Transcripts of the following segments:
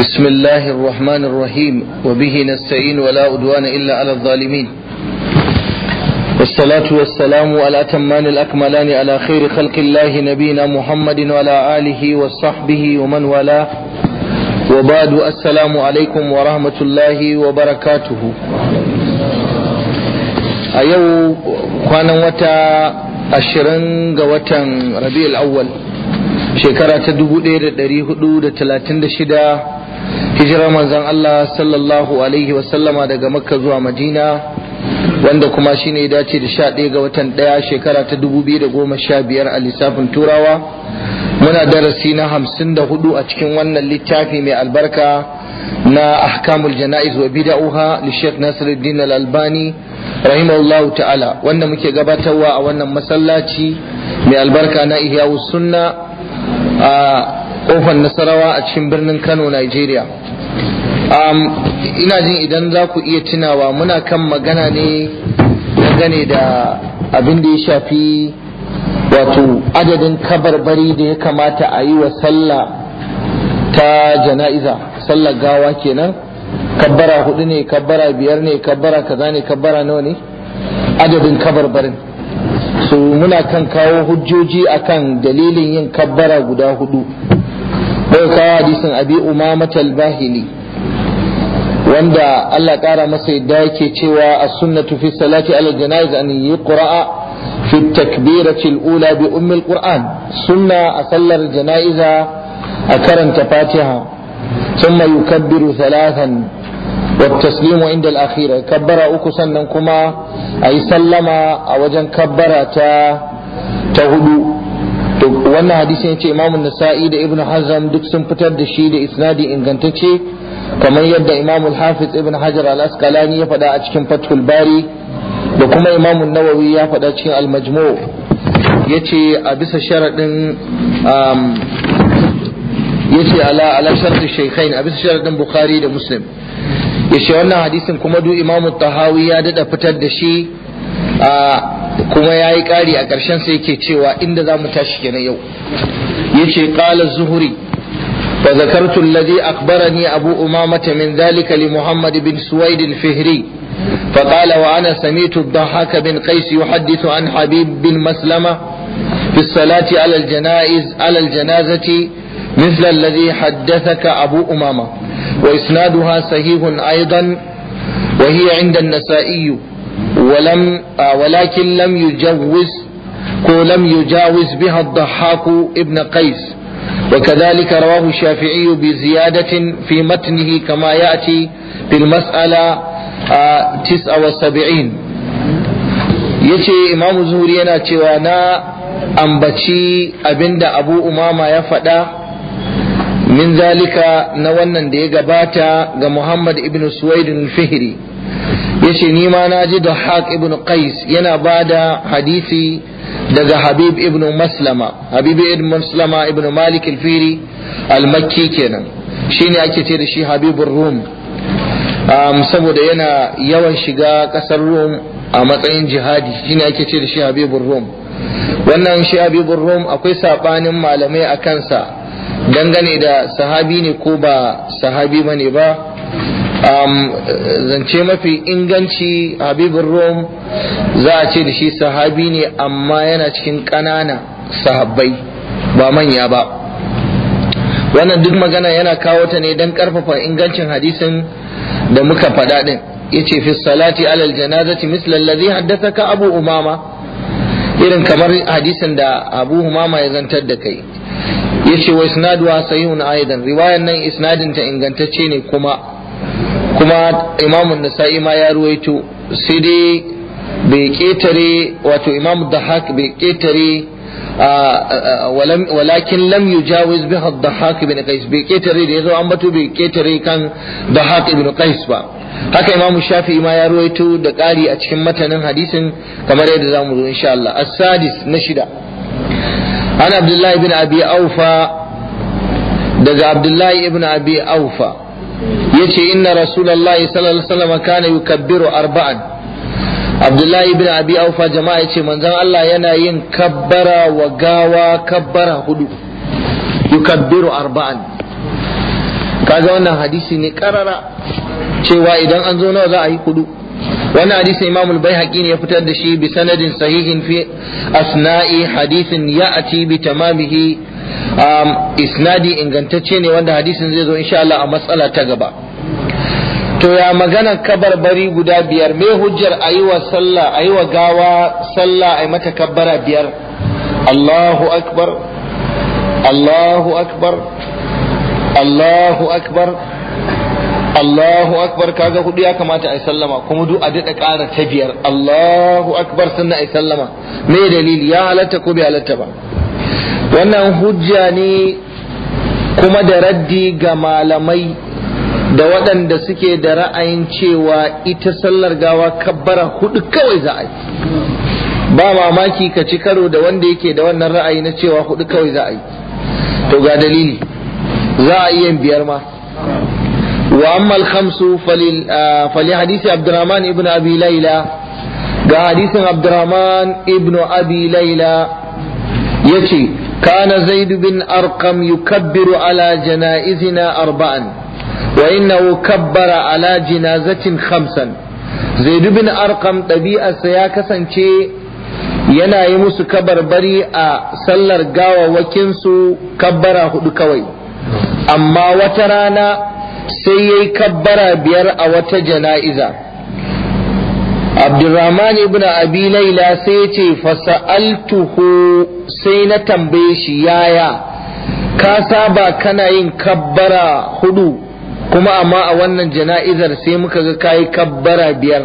بسم الله الرحمن الرحيم وبه نستعين ولا أدوان إلا على الظالمين والصلاة والسلام على أتمان الأكملان على خير خلق الله نبينا محمد وعلى آله وصحبه ومن والاه وبعد السلام عليكم ورحمة الله وبركاته أيو كان وتا أشرن وتا ربيع الأول شكرا تدبو دير دريه دو دا تلاتين دا شدا hijirar manzon Allah sallallahu alaihi wasallama daga makka zuwa madina wanda kuma shine ya dace da sha ɗaya ga watan ɗaya shekara ta dubu biyu da goma sha biyar a lissafin turawa muna darasi na hamsin da hudu a cikin wannan littafi mai albarka na ahkamul jana'iz wa bida'uha li Sheikh Nasiruddin Al-Albani rahimahullahu ta'ala wanda muke gabatarwa a wannan masallaci mai albarka na ihyawu Sunna a kofar nasarawa a cikin birnin kano nigeria um, ina jin idan za ku iya tunawa muna kan magana ne dangane da abin da ya shafi wato adadin kabarbari da ya kamata a yi wa sallah ta jana'iza sallar gawa kenan kabbara hudu ne kabbara biyar ne kabbara kaza ne kabbara nawa ne adadin kabarbarin so muna kan kawo hujjoji akan dalilin yin kabara guda hudu bauta hadisin abi umama talbahili wanda Allah ƙara masa yadda ake cewa a sunnatu fi salati ala janayiz an yi qura'a fi takbirati al-ula bi ummi al-qur'an sunna a sallar jana'iza a karanta fatiha thumma yukabbiru thalathan wa taslimu inda al-akhirah kabbara uku sannan kuma ayi sallama a wajen kabbara ta ta hudu to wannan hadisin ce Imam Nasa'i da Ibn Hazm duk sun fitar da shi da isnadi ingantacce kamar yadda Imam Al-Hafiz Ibn Hajar Al-Asqalani ya faɗa a cikin Fathul Bari da kuma Imam Nawawi ya faɗa cikin Al-Majmu' yace a bisa sharadin um, yace ala ala shaykhain a bisa sharadin Bukhari da Muslim yace wannan hadisin kuma duk Imam Tahawi ya dada fitar da shi a kuma ya yi ƙari a ƙarshen sai yake cewa inda za mu tashi kenan yau ya ce ƙala zuhuri fa zakartu alladhi akhbarani abu umamata min dhalika li muhammad bin suwaid fihri faƙala qala wa ana samitu dhahak bin qais haddisu an habib bin maslama fi salati ala aljanaiz ala aljanazati مثل الذي حدثك أبو أمامة وإسنادها صحيح أيضا وهي عند النسائي ولم ولكن لم يجوز لم يجاوز بها الضحاك ابن قيس وكذلك رواه الشافعي بزيادة في متنه كما يأتي في المسألة تسعة وسبعين yace imamu zuhri yana cewa na ambaci abinda abu umama ya faɗa min zalika na wannan da ya gabata ga muhammad ibnu suwaidin fihri yace ni ma na ji haq ibn Qais yana bada hadisi daga Habib ibn Maslama Habib ibn Maslama ibn Malik al-Firi al-Makki kenan shine ake ce da shi Habibur Rum saboda yana yawan shiga kasar Rum a matsayin jihadi shine ake ce da shi Habibur Rum wannan shi Habibur Rum akwai sabanin malamai a kansa dangane da sahabi ne ko ba sahabi bane ba Um, zance mafi inganci habibin rom za a ce da shi sahabi ne amma yana cikin ƙanana sahabbai ba manya ba wannan duk magana yana kawo ta ne don ƙarfafa ingancin hadisin da muka faɗa ɗin yace fi salati alal janazati mislan haddasa ka abu umama irin kamar hadisin da abu Umama ya zantar da kai ya ce wa isnaduwa sahihun aidan riwayan nan isnadin ta ingantacce ne kuma kuma imamun nasa'i ma ya ruwaito sai dai bai ƙetare wato imam dahak bai ƙetare walakin lam yujawiz biha dahak ibn qais bai ƙetare da ya zo an bato bai ƙetare kan da dahak ibn kais ba haka imam shafi ma ya ruwaito da ƙari a cikin matanin hadisin kamar yadda za mu zo insha Allah as-sadis na shida ana abdullahi ibn abi aufa daga abdullahi ibn abi aufa yace inna ya sallallahu alaihi wasallam kana yukabbiru arba'an abdullahi bin abi aufa jama'a ce manzon Allah yana yin kabbara wa gawa kabbara hudu yukabbiru arba'an kaga wannan hadisi ne karara cewa idan an zo nawa za a yi hudu wannan hadisi imamul al-baihaqi ne ya fitar da shi bi sanadin sahihin fi asna'i hadisin ya'ati bi tamamihi isnadi ingantacce ne wanda hadisin zai zo insha Allah a matsala ta gaba to ya magana bari guda biyar me hujjar ayi wa wa gawa sallah ayi mata kabbara biyar Allahu akbar Allahu akbar Allahu akbar Allahu akbar kaga hudu ya kamata ai sallama kuma duk a dada ƙara ta biyar Allahu akbar sannan ai sallama me dalili ya halatta ko bai halatta ba wannan hujja ne kuma da raddi ga malamai da waɗanda suke da ra'ayin cewa ita sallar gawa kabbara hudu kawai za a yi ba mamaki ka ci karo da wanda yake da wannan ra'ayi na cewa hudu kawai za a yi to ga dalili za a iya biyar ma وأما الخمس فلحديث عبد الرحمن ابن أبي ليلى حديث عبد الرحمن ابن أبي ليلى يشي كان زيد بن أرقم يكبر على جنائزنا أربعا وإنه كبر على جنازة خمسا زيد بن أرقم طبيعة سياكسا شيء yana yi musu kabarbari a sallar gawawakinsu kabbara hudu kawai amma wata rana sai ya yi kabbara biyar a wata jana'iza abdurrahman ibn abi laila sai ce fasa'altuhu sai na tambaye shi yaya ka saba kana yin kabbara hudu kuma amma a wannan jana'izar sai muka ga kayi kabbara biyar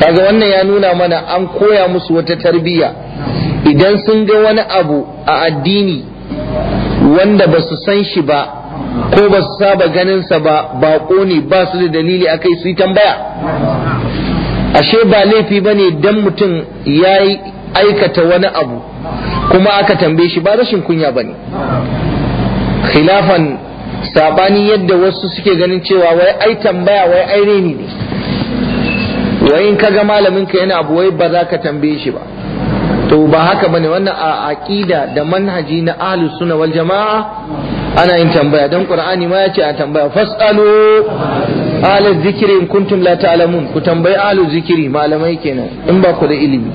kaga wannan ya nuna mana an koya musu wata tarbiyya idan sun ga wani abu a addini wanda ba su san shi ba ko ba su saba ganinsa ba baƙo ne ba su da dalili akai su yi tambaya ashe ba laifi ba ne don mutum ya yi aikata wani abu kuma aka tambaye shi ba rashin kunya ba ne khilafan sabani yadda wasu suke ganin cewa wai ai tambaya wai ai reni ne wai in kaga malamin ka yana abu wai ba za ka tambaye shi ba to ba haka bane wannan a aqida da manhaji na ahlus sunna wal jamaa ana yin tambaya dan qur'ani ma ce a tambaya fasalu ala zikri in kuntum la ta'lamun ku tambayi ahlu zikiri. malamai kenan in ba ku da ilimi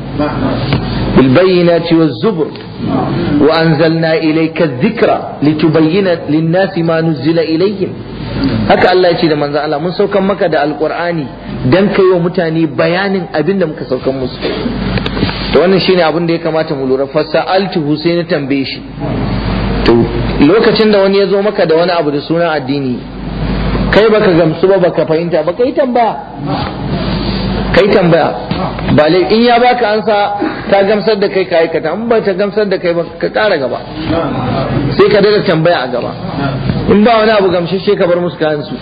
bil bayyinati waz zubur wa anzalna ilayka dhikra litubayyana lin-nasi ma nuzila ilayhim haka Allah ya ce da manzo Allah mun saukan maka da alqur'ani dan kai wa mutane bayanin abin da muka saukan musu to wannan shine abin da ya kamata mu lura fasaltu sai na tambaye shi to lokacin da wani ya zo maka da wani abu da sunan addini kai baka gamsu ba baka fahimta ba kai tambaya kai tambaya ba in ya baka ansa ta gamsar da kai ka aikata in ba ta gamsar da kai ba ka kara gaba sai ka dada tambaya a gaba in ba wani abu gamsashe ka bar musu kayan su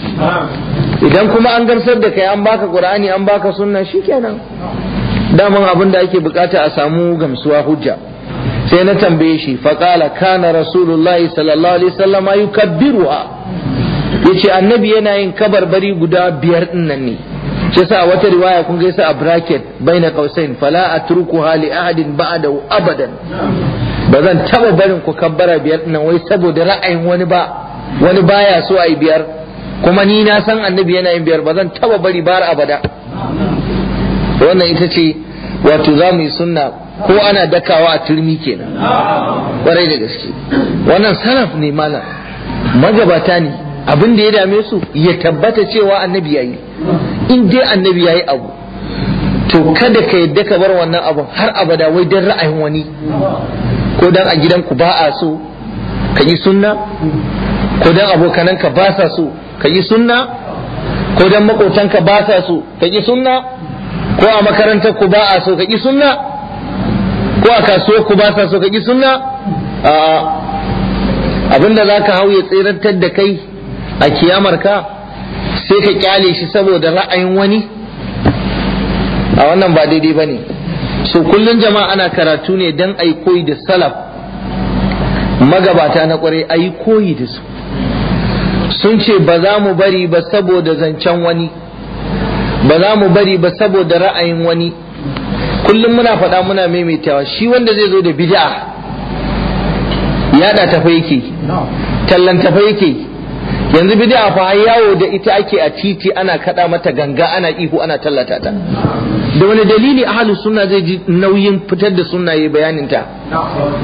idan kuma an gamsar da kai an baka qur'ani an baka sunna shikenan daman abin da ake bukata a samu gamsuwa hujja sai na tambaye shi faƙala kana rasulullahi sallallahu alaihi wasallam yukabbiruha yace annabi yana yin kabarbari guda biyar din nan ne shi sa wata riwaya kun gaisa a bracket baina qausain fala atrukuha hali ahadin ba'dahu abadan ba zan taba barin ku kabbara biyar din nan wai saboda ra'ayin wani ba wani baya so ai biyar kuma ni na san annabi yana yin biyar ba zan taba bari bar abada wannan ita ce wato za mu yi sunna ko ana dakawa a turmi kenan kwarai da gaske wannan salaf ne malam magabata ne abin da ya dame su ya tabbata cewa annabi yayi in dai annabi yayi abu to kada ka yadda ka bar wannan abu har abada wai dan ra'ayin wani ko dan a gidanku ba a so ka yi sunna ko dan abokananka ba sa so ka yi sunna ko dan makotanka ba sa so ka yi sunna ko a makarantar ku ba a so ka yi sunna ko a kasuwar ku ba sa so ka ki sunna a abinda ka hau ya tsirantar da kai a kiyamar ka sai ka kyale shi saboda ra'ayin wani a wannan ba daidai ba ne. so kullum jama'a ana karatu ne dan yi koyi da salaf magabata na kwarai yi koyi da su sun ce ba za mu bari ba saboda zancen wani ba za mu bari ba saboda ra'ayin wani kullum muna faɗa muna maimaitawa shi wanda zai zo da bid'a yada tafa yake tallan tafa yake yanzu bid'a fa yawo da ita ake a titi ana kada mata ganga ana ihu ana tallata ta da wani dalili ahlus sunna zai ji nauyin fitar da sunna yayin bayanin ta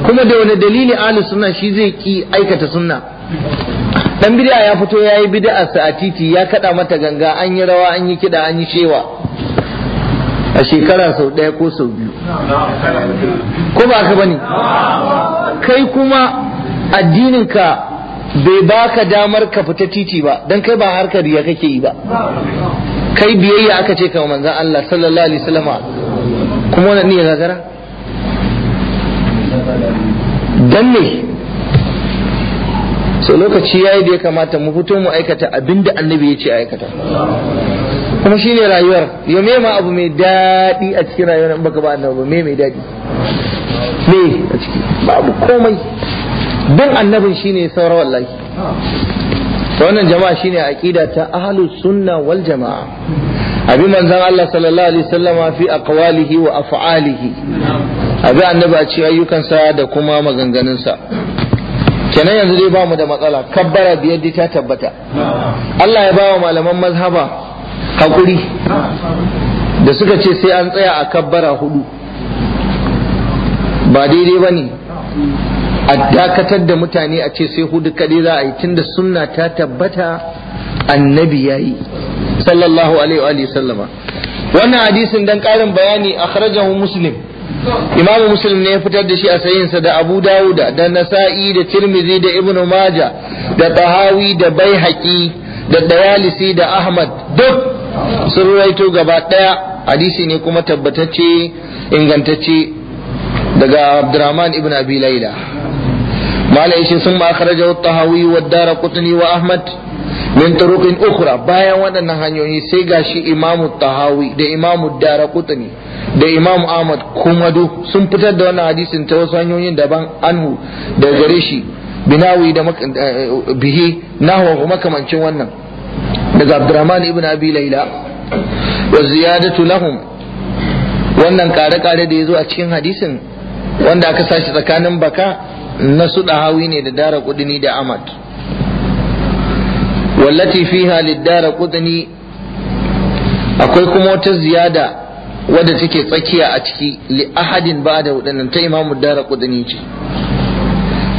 kuma da wani dalili ahlus sunna shi zai ki aikata sunna dan bid'a ya fito yayi bid'a sa a titi ya kada mata ganga an yi rawa an yi kida an yi shewa a shekara sau ɗaya ko sau biyu ko ba ka bane kai kuma addininka bai baka damar ka fita titi ba don kai ba harkar riya kake yi ba kai biyayya aka ce kama manzan Allah sallallahu alaihi wasallam kuma wani ya gagara dan ne so lokaci yi da ya kamata mu fito mu aikata abinda annabi ya ce aikata kuma shine rayuwar ya mema abu mai daɗi a cikin rayuwar in baka ba annabi ba me mai daɗi me a ciki babu komai don annabin shine saura wallahi wannan jama'a shine aqida ta ahlus sunna wal jama'a abi manzon Allah sallallahu alaihi wasallama fi aqwalihi wa af'alihi abi annabi a ci ayyukansa da kuma maganganunsa kenan yanzu dai bamu da matsala kabbara biyar ta tabbata Allah ya bawa malaman mazhaba haƙuri da suka ce sai an tsaya a kabbara hudu ba daidai ba ne a dakatar da mutane a ce sai hudu kaɗai za a yi tunda sunna ta tabbata annabi ya yi sallallahu alaihi wa sallama wannan hadisin dan ƙarin bayani akhrajahu muslim imamu muslim ne ya fitar da shi a sayinsa da abu dawuda da nasa'i da tirmizi da ibnu maja da tahawi da baihaqi da dayalisi da ahmad duk sun raito gaba daya hadisi ne kuma tabbatacce ingantacce daga Abdurrahman ibn Abi Laila malai shi sun ma kharaja tahawi wa Daraqutni wa Ahmad min turuqin ukhra bayan waɗannan hanyoyi sai gashi imamu Tahawi da Imam Daraqutni da imamu Ahmad kuma duk sun fitar da wannan hadisin ta wasu hanyoyin daban anhu da gare shi binawi da eh, bihi nahwa kuma kamancin wannan daga abdurrahman ibn abi laila wa ziyadatu lahum wannan kare-kare da ya zo a cikin hadisin wanda aka sashi tsakanin baka na su hawi ne da dara kudini da amad wallati fiha lidara kudini akwai kuma wata ziyada wadda take tsakiya a ciki li ahadin ba da wadannan ta imamu dara kudini ce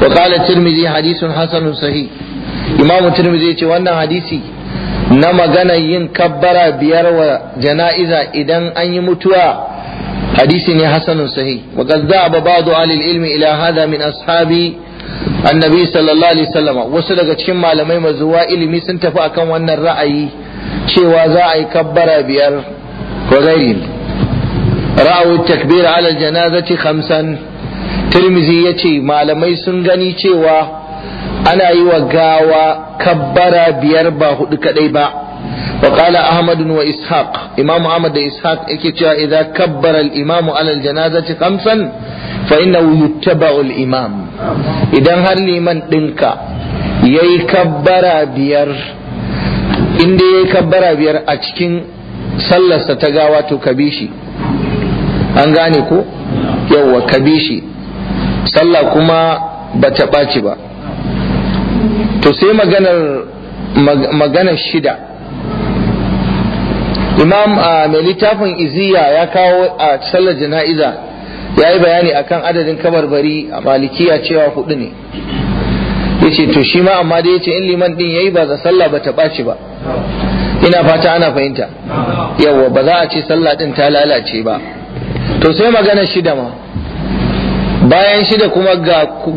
wa qala tirmidhi hadithun hasanun sahih imamu tirmidhi ce wannan hadisi na magana yin kabbara biyar wa jana'iza idan an yi mutuwa hadisi ne hasanun Sahi. wa ba ba ba'du alil ilmi ila hada min ashabi annabi sallallahu alaihi wasallam wasu daga cikin malamai mazuwa ilimi sun tafi akan wannan ra'ayi cewa za a yi kabbara biyar wa gairi ra'awu takbir ala janazati khamsan tirmizi yace malamai sun gani cewa ana yi wa gawa kabbara biyar ba hudu kadai ba وقال أحمد وإسحاق إمام أحمد إسحاق إكتا إذا كبر الإمام على الجنازة خمسا فإنه يتبع الإمام إذا هل لمن دنك يي كبر بير إن يي كبر بير أتكين صلى ستغاوات كبيشي أنغاني كو يو كبيشي صلى كما بتباتي با to sai maganar maganar shida imam mai littafin iziya ya kawo a sallar jana'iza ya yi bayani akan adadin kabarbari a malikiya cewa hudu ne ya ce to shi ma amma da ya ce in liman din ya yi ba za sallah ba ta ɓaci ba ina fata ana fahimta yawa ba za a ce sallah din ta lalace ba to sai magana shida ma bayan shida kuma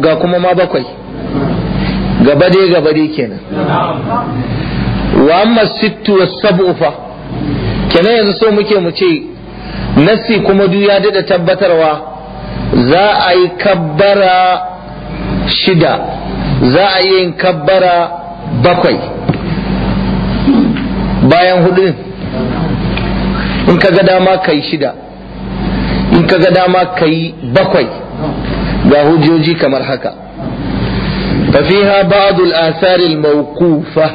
ga kuma ma bakwai gaba dai gaba dai kenan wa amma sittu wa sab'u fa kenan yanzu so muke mu ce nasi kuma duk ya dada tabbatarwa za a yi kabbara shida za a yi yin kabbara bakwai bayan hudu in ka ga dama ka yi shida in ka ga dama ka yi bakwai ga hujjoji kamar haka ففيها بعض الآثار الموقوفة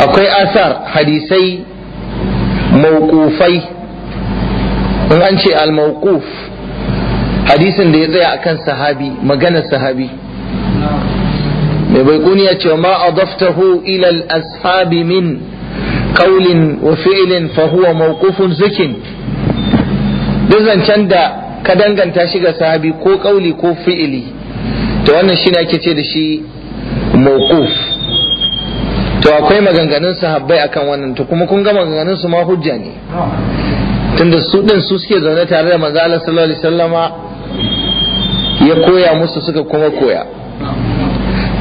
أقوي آثار حديثي موقوفي أنشي الموقوف حديث دي زي كان صحابي مجانا صحابي يقول يا ما أضفته إلى الأصحاب من قول وفعل فهو موقوف زك دزن شندا كدنغن تاشيغا صحابي كو قولي كو فعلي to wannan shine ake ce da shi mawquf to akwai maganganun sahabbai akan wannan to kuma kun ga maganganun su ma hujja ne tunda su din su suke zaune tare da manzo Allah sallallahu alaihi wasallama ya koya musu suka kuma koya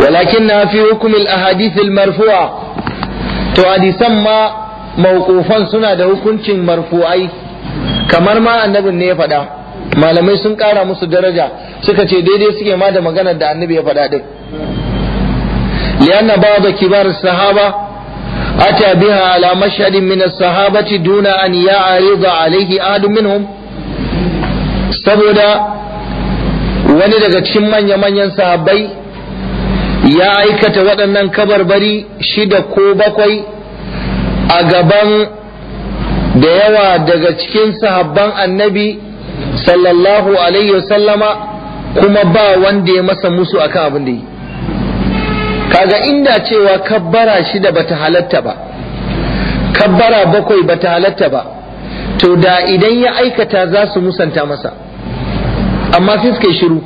walakin na fi hukumin al marfu'a to hadisan ma mawqufan suna da hukuncin marfu'ai kamar ma annabin ne ya faɗa malamai sun kara musu daraja suka ce daidai suke ma da maganar da annabi ya faɗa din lianna da kibar sahaba ata biha ala mashhadin min as-sahabati duna an ya'rida alayhi ahad minhum saboda wani daga cikin manya manyan sahabbai ya aikata waɗannan kabar-bari shida ko bakwai a gaban da yawa daga cikin sahabban annabi sallallahu alaihi sallama. kuma ba wanda ya masa musu akan abin da yi kaga inda cewa kabbara shida bata halatta ba kabbara bakwai bata halatta ba to da idan ya aikata za su musanta masa amma sai shiru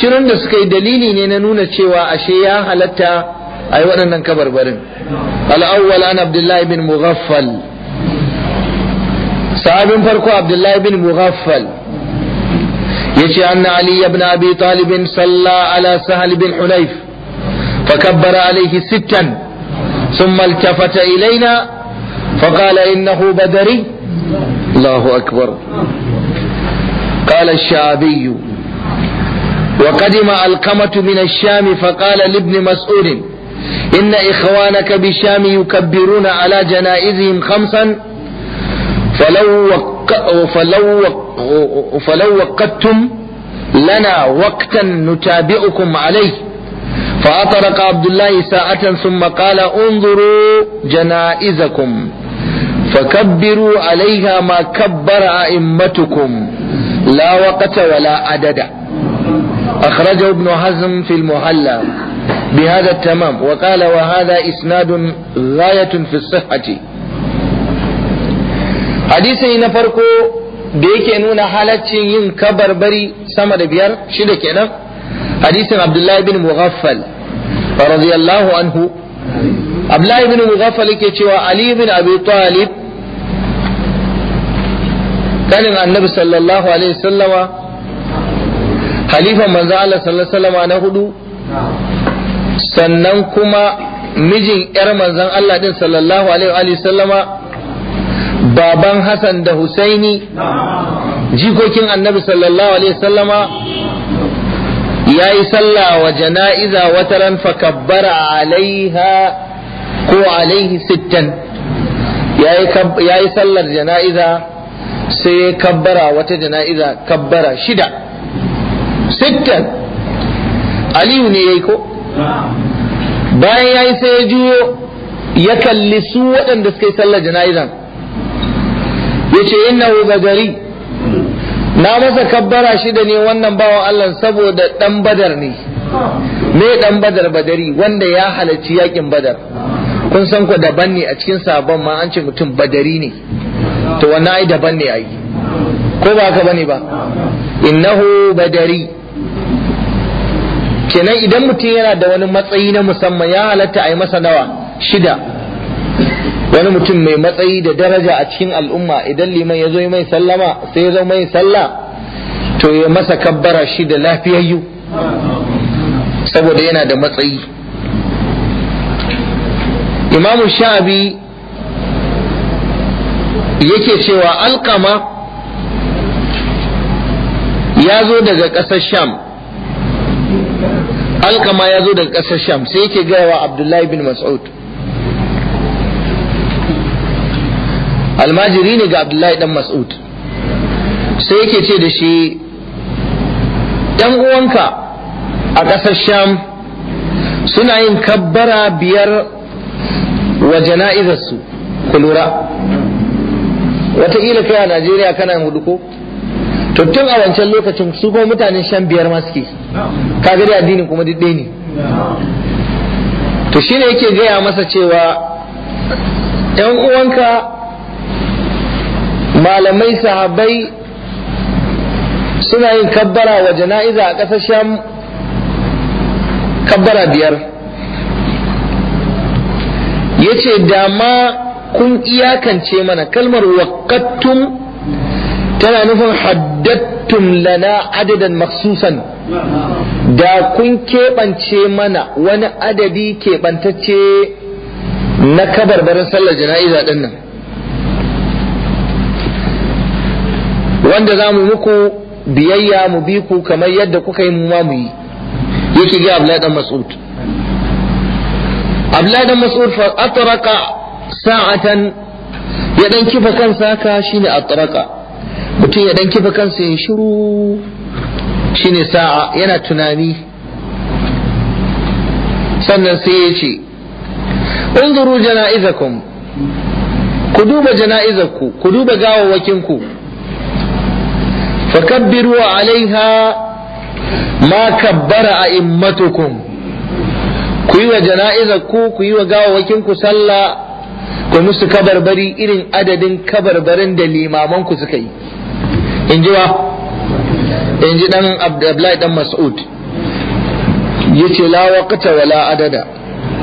shirin da suka yi dalili ne na nuna cewa ashe ya halatta a yi waɗannan kabarbarin al'awwal an abdullahi bin mughaffal فرقو عبد الله بن مغفل يشي أن علي بن أبي طالب صلى على سهل بن حنيف فكبر عليه ستا ثم التفت إلينا فقال إنه بدري الله أكبر قال الشعبي وقدم القمة من الشام فقال لابن مسؤول إن إخوانك بالشام يكبرون على جنائزهم خمسا فلو وق... فلو فلو وقتم لنا وقتا نتابعكم عليه فأطرق عبد الله ساعة ثم قال انظروا جنائزكم فكبروا عليها ما كبر أئمتكم لا وقت ولا عدد أخرجه ابن حزم في المحلى بهذا التمام وقال وهذا إسناد غاية في الصحة hadisi na farko da yake nuna halaccin yin kabarbari sama da biyar shida kenan hadisin abdullahi bin mughaffal radiyallahu anhu abdullahi bin mughaffal yake cewa ali bin abi talib kalin annabi sallallahu alaihi sallama halifan manzo Allah sallallahu sallama na hudu sannan kuma mijin yar manzon Allah din sallallahu alaihi sallama baban Hassan da Husaini jikokin annabi sallallahu alaihi Sallama ya yi sallah wa jana'iza wataran fakabbara alaiha ko alaihi sittan ya yi sallar jana'iza sai ya kabbara wata jana'iza kabbara shida sittan aliyu ne ya yi ko bayan ya yi sai ya juyo ya kalli su waɗanda suka yi sallar jana'izan yace innahu badari na masa kabbara shida ne wannan bawan Allah saboda dan badar ne me dan badar badari wanda ya halarci yakin badar kun san ku daban ne a cikin sabon ma an ce mutum badari ne to wannan ai daban ne ai ko ba ka bane ba innahu badari kenan idan mutum yana da wani matsayi na musamman ya halatta a yi masa nawa shida wani mutum mai matsayi da daraja a cikin al'umma idan liman ya zo mai sallama sai ya zo mai sallah to ya masa kabbara shi da lafiyayyu saboda yana da matsayi imamu sha'abi yake cewa alkama ya zo daga ƙasar sham alkama ya zo daga ƙasar sham sai yake gaya wa abdullahi bin mas'ud almajiri ne ga abdullahi dan mas'ud sai yake ce da shi ‘yan uwanka a ƙasar sham suna yin kabbara biyar wa jana'izarsu ku lura wataƙila kai a najeriya kana hudu ko to a wancan lokacin su kuma mutanen shan biyar ma suke ka gari addinin kuma duk ne to shine yake gaya masa cewa ‘yan uwanka malamai sahabbai suna yin kabbara wa jana'iza a ƙasashen kabara kabbara biyar ya ce dama kun iyakance mana kalmar waƙattun tana nufin haddattum lana adadan maksusan da kun keɓance mana wani adadi keɓantacce na kabarbarin sallar jana'iza ɗin nan wanda za mu muku biyayya mu bi ku kamar yadda kuka yi mu ma mu yi yake ga Abdullahi dan Mas'ud Abdullahi dan Mas'ud fa atraqa sa'atan ya dan kifa kansa haka shine atraqa mutum ya dan kifa kansa ya shiru shine sa'a yana tunani sannan sai ya ce unzuru jana'izakum ku duba jana'izarku ku duba gawawakinku ku فكبروا عليها ما a أئمتكم كي وجنائزكم كي وقاوكم صلى ku sallah, musu kabarbari irin adadin kabarbarin da limamanku suka yi in ji dan abdullahi dan mas'ud yace la waqta wala adada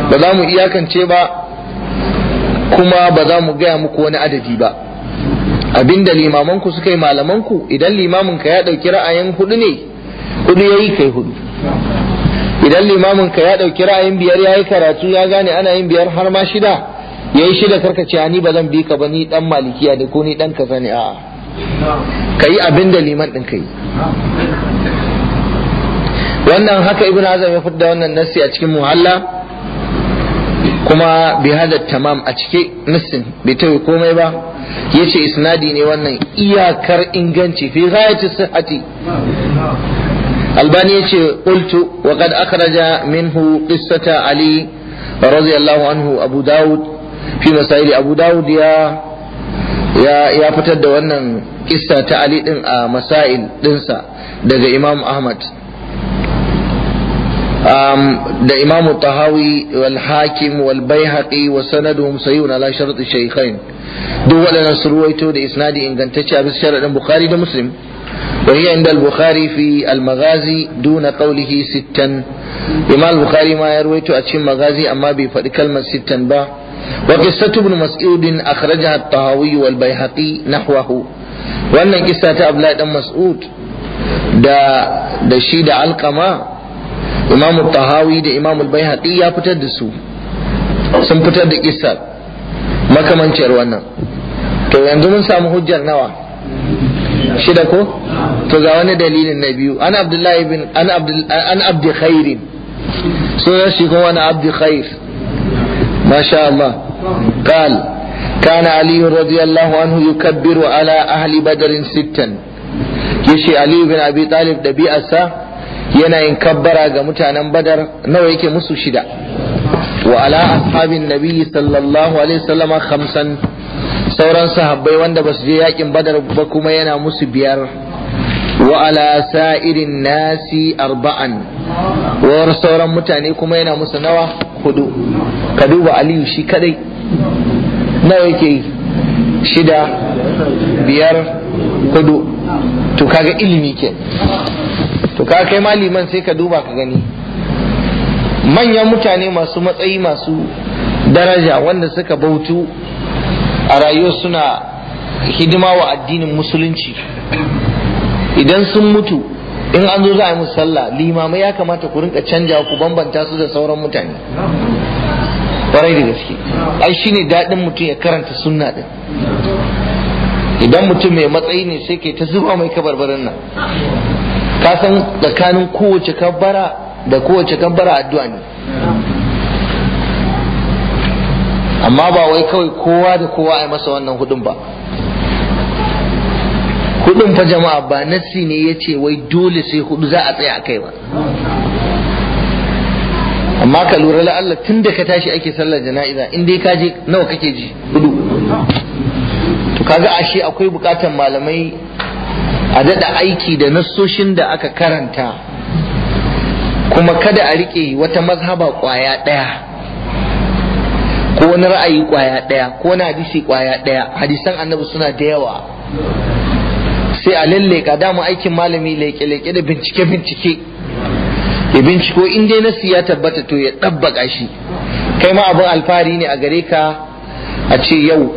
ba za mu iyakance ba kuma ba za mu gaya muku wani adadi ba abinda limamanku suka yi malamanku idan limaminka ya ɗauki ra'ayin hudu ne hudu ya yi kai hudu idan limaminka ya ɗauki ra'ayin biyar ya yi karatu ya gane ana yin biyar har ma shida ya yi shida ce ni ba zan bi ka ba ni dan malikiya ne ko ni dan kaza ne a'a ka yi abin da liman ɗin ka yi wannan haka ibn azam ya fidda wannan nassi a cikin muhalla kuma bi hada tamam a cike nassin bai yi komai ba yace isnadi ne wannan iyakar inganci fi ghayati sihhati albani yace qultu wa qad akhraja minhu qissata ali radiyallahu anhu abu daud fi masail abu daud ya ya ya fitar da wannan kissa ta ali din a masail dinsa daga imam ahmad da imamu tahawi wal hakim wal baihaqi wa sanaduhum sayyun ala shart shaykhain duk waɗannan su ruwaito da isnadi ingantacce a bisa sharaɗin bukari da muslim wa hiya inda al-bukhari fi al-maghazi duna qawlihi sittan imam al-bukhari ma ya ruwaito a cikin maghazi amma bai faɗi kalmar sittan ba wa qissatu ibn mas'ud akhrajaha at-tahawi wal bayhaqi nahwahu wannan kisa ta abdullahi dan mas'ud da da shi da alqama imam at-tahawi da imam al-bayhaqi ya fitar da su sun fitar da kisa. makamanciyar wannan to yanzu mun samu hujjar nawa shida ko to ga wani dalilin na biyu an abdullahi bin an abdul an abdi khairin sunan shi kuma wani abdi khair masha Allah Aliyu radiyallahu علي رضي الله عنه يكبر ahli أهل بدر ستا يشي bin abi talib da دبيئة yana yin kabbara ga mutanen badar nawa yake musu shida وعلى أصحاب النبي صلى الله عليه وسلم خمسا sauran sahabbai wanda ba su je yakin badar ba kuma yana musu biyar wa ala sa'irin nasi arba'an wa sauran mutane kuma yana musu nawa hudu ka duba aliyu shi kadai nawa yake shida biyar hudu to kaga ilimi ke to kaga kai maliman sai ka duba ka gani manyan mutane masu matsayi masu daraja wanda suka bautu a rayuwa suna hidima wa addinin musulunci idan sun mutu in an zo za a yi musu sallah limamai ya kamata ku rinka canja ku bambanta su da sauran mutane kwarai da gaske ai shine daɗin mutum ya karanta sunna din idan mutum mai matsayi ne sai ke ta zuba mai kabarbarin nan ka san tsakanin kowace kabara da kowace kabbara addu'a ne amma ba wai kawai kowa da kowa a masa wannan hudun ba hudun fa jama'a ba nassi ne ya ce wai dole sai hudu za a tsaya a kai ba amma ka lura la'alla tun da ka tashi ake sallar jana'iza in dai ka je nawa kake ji hudu to kaga ashe akwai bukatan malamai a daɗa aiki da nassoshin da aka karanta kuma kada a rike wata mazhaba kwaya ɗaya ko wani ra'ayi kwaya ɗaya ko wani hadisi kwaya ɗaya hadisan annabi suna da yawa sai a lalle ka dama aikin malami leke-leke da bincike-bincike ya binciko in dai na ya tabbata to ya ɗabbaka shi kai ma abin alfahari ne a gare ka a ce yau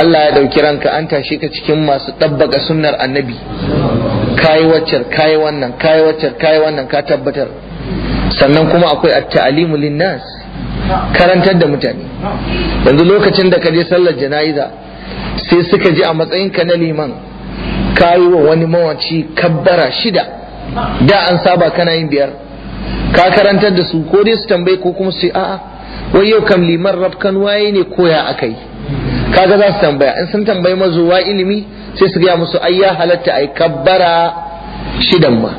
Allah ya ɗauki ranka an tashe ka cikin masu ɗabbaka sunnar annabi kayi waccar kayi wannan kayi waccar kayi wannan ka tabbatar sannan kuma akwai at-ta'limu lin-nas karantar da mutane yanzu lokacin da ka je sallar jana'iza sai suka ji a matsayin ka na liman kayi wa wani mawaci kabbara shida da an saba kana yin biyar ka karantar da su ko dai su tambaye ko kuma su a'a wai yau kam liman rabkan waye ne koya akai kaga za su tambaya in sun tambayi mazuwa ilimi sai su gaya musu ai ya halatta ai kabbara shidan ma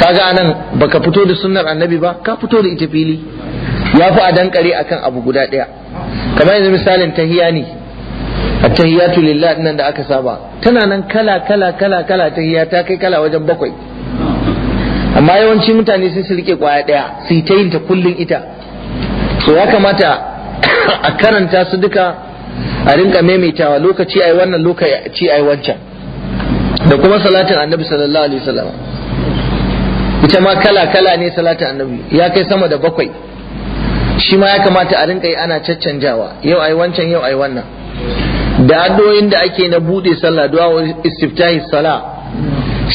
kaga anan baka fito da sunnar annabi ba ka fito da ita fili ya fi a dankare akan abu guda ɗaya kamar yanzu misalin tahiya ne tahiyatu lillah nan da aka saba tana nan kala kala kala kala tahiya ta kai kala wajen bakwai amma yawanci mutane sun su rike kwaya ɗaya su yi ta yin ta kullun ita so ya kamata a karanta su duka a rinka maimaitawa lokaci ai wannan lokaci ai wancan da kuma salatin annabi sallallahu alaihi wasallam ita ma kala kala ne salatin annabi ya kai sama da bakwai shi ma ya kamata a rinka yi ana caccanjawa yau ai wancan yau ai wannan da addu'o'in da ake na bude sallah du'a istiftahi salah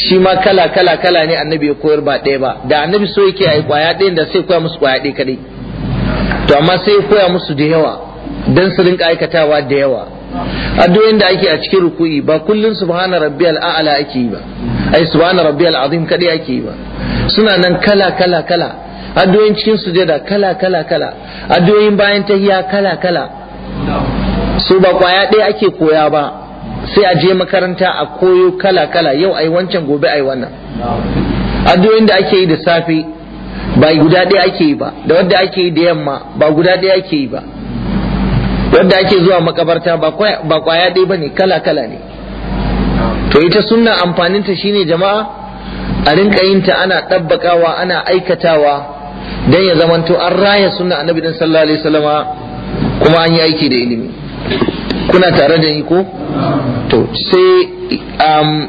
shi ma kala kala kala ne annabi ya koyar ba ɗaya ba da annabi so yake ai kwaya ɗayan da sai koya musu kwaya ɗaya kadai to amma sai koya musu da yawa dan su rinka aikatawa da yawa addu'o'in da ake a cikin ruku'i ba kullun subhana rabbiyal a'la ake yi ba ai subhana rabbiyal azim kadai ake yi ba suna nan kala kala kala addu'o'in cikin sujada kala kala kala addu'o'in bayan tahiya kala kala su ba kwaya ɗaya ake koya ba sai a je makaranta a koyo kala kala yau ai wancan gobe ai wannan addu'o'in da ake yi da safe ba guda ɗaya ake yi ba da wanda ake yi da yamma ba guda ɗaya ake yi ba wanda ake zuwa makabarta ba kwaya ɗaya ba ne kala-kala ne to ita sunna amfaninta shine jama'a a rinka yinta ana ɗabbakawa ana aikatawa don ya zamanto an raya sunna annabi din sallallahu alaihi wasallama kuma an yi aiki da ilimi kuna tare da ni ko to sai um,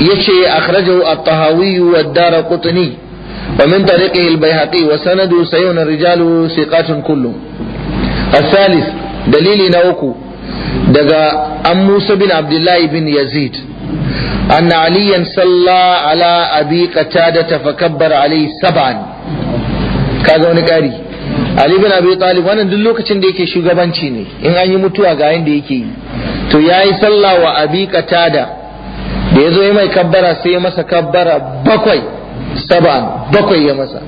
yace akhrajahu at-tahawi wa ad qutni ومن طريقه البيهقي وسنده سيون الرجال ثقات كلهم الثالث دليل نوكو دقا أم موسى بن عبد الله بن يزيد أن عليا صلى على أبي قتادة فكبر عليه سبعا كذا ونكاري Ali bin Abi Talib wannan duk lokacin da yake shugabanci ne in an yi mutuwa ga yanda yake yi to yayi sallah wa Abi Qatada da zo ya mai kabbara sai masa kabbara bakwai sab'an bakwai ya masa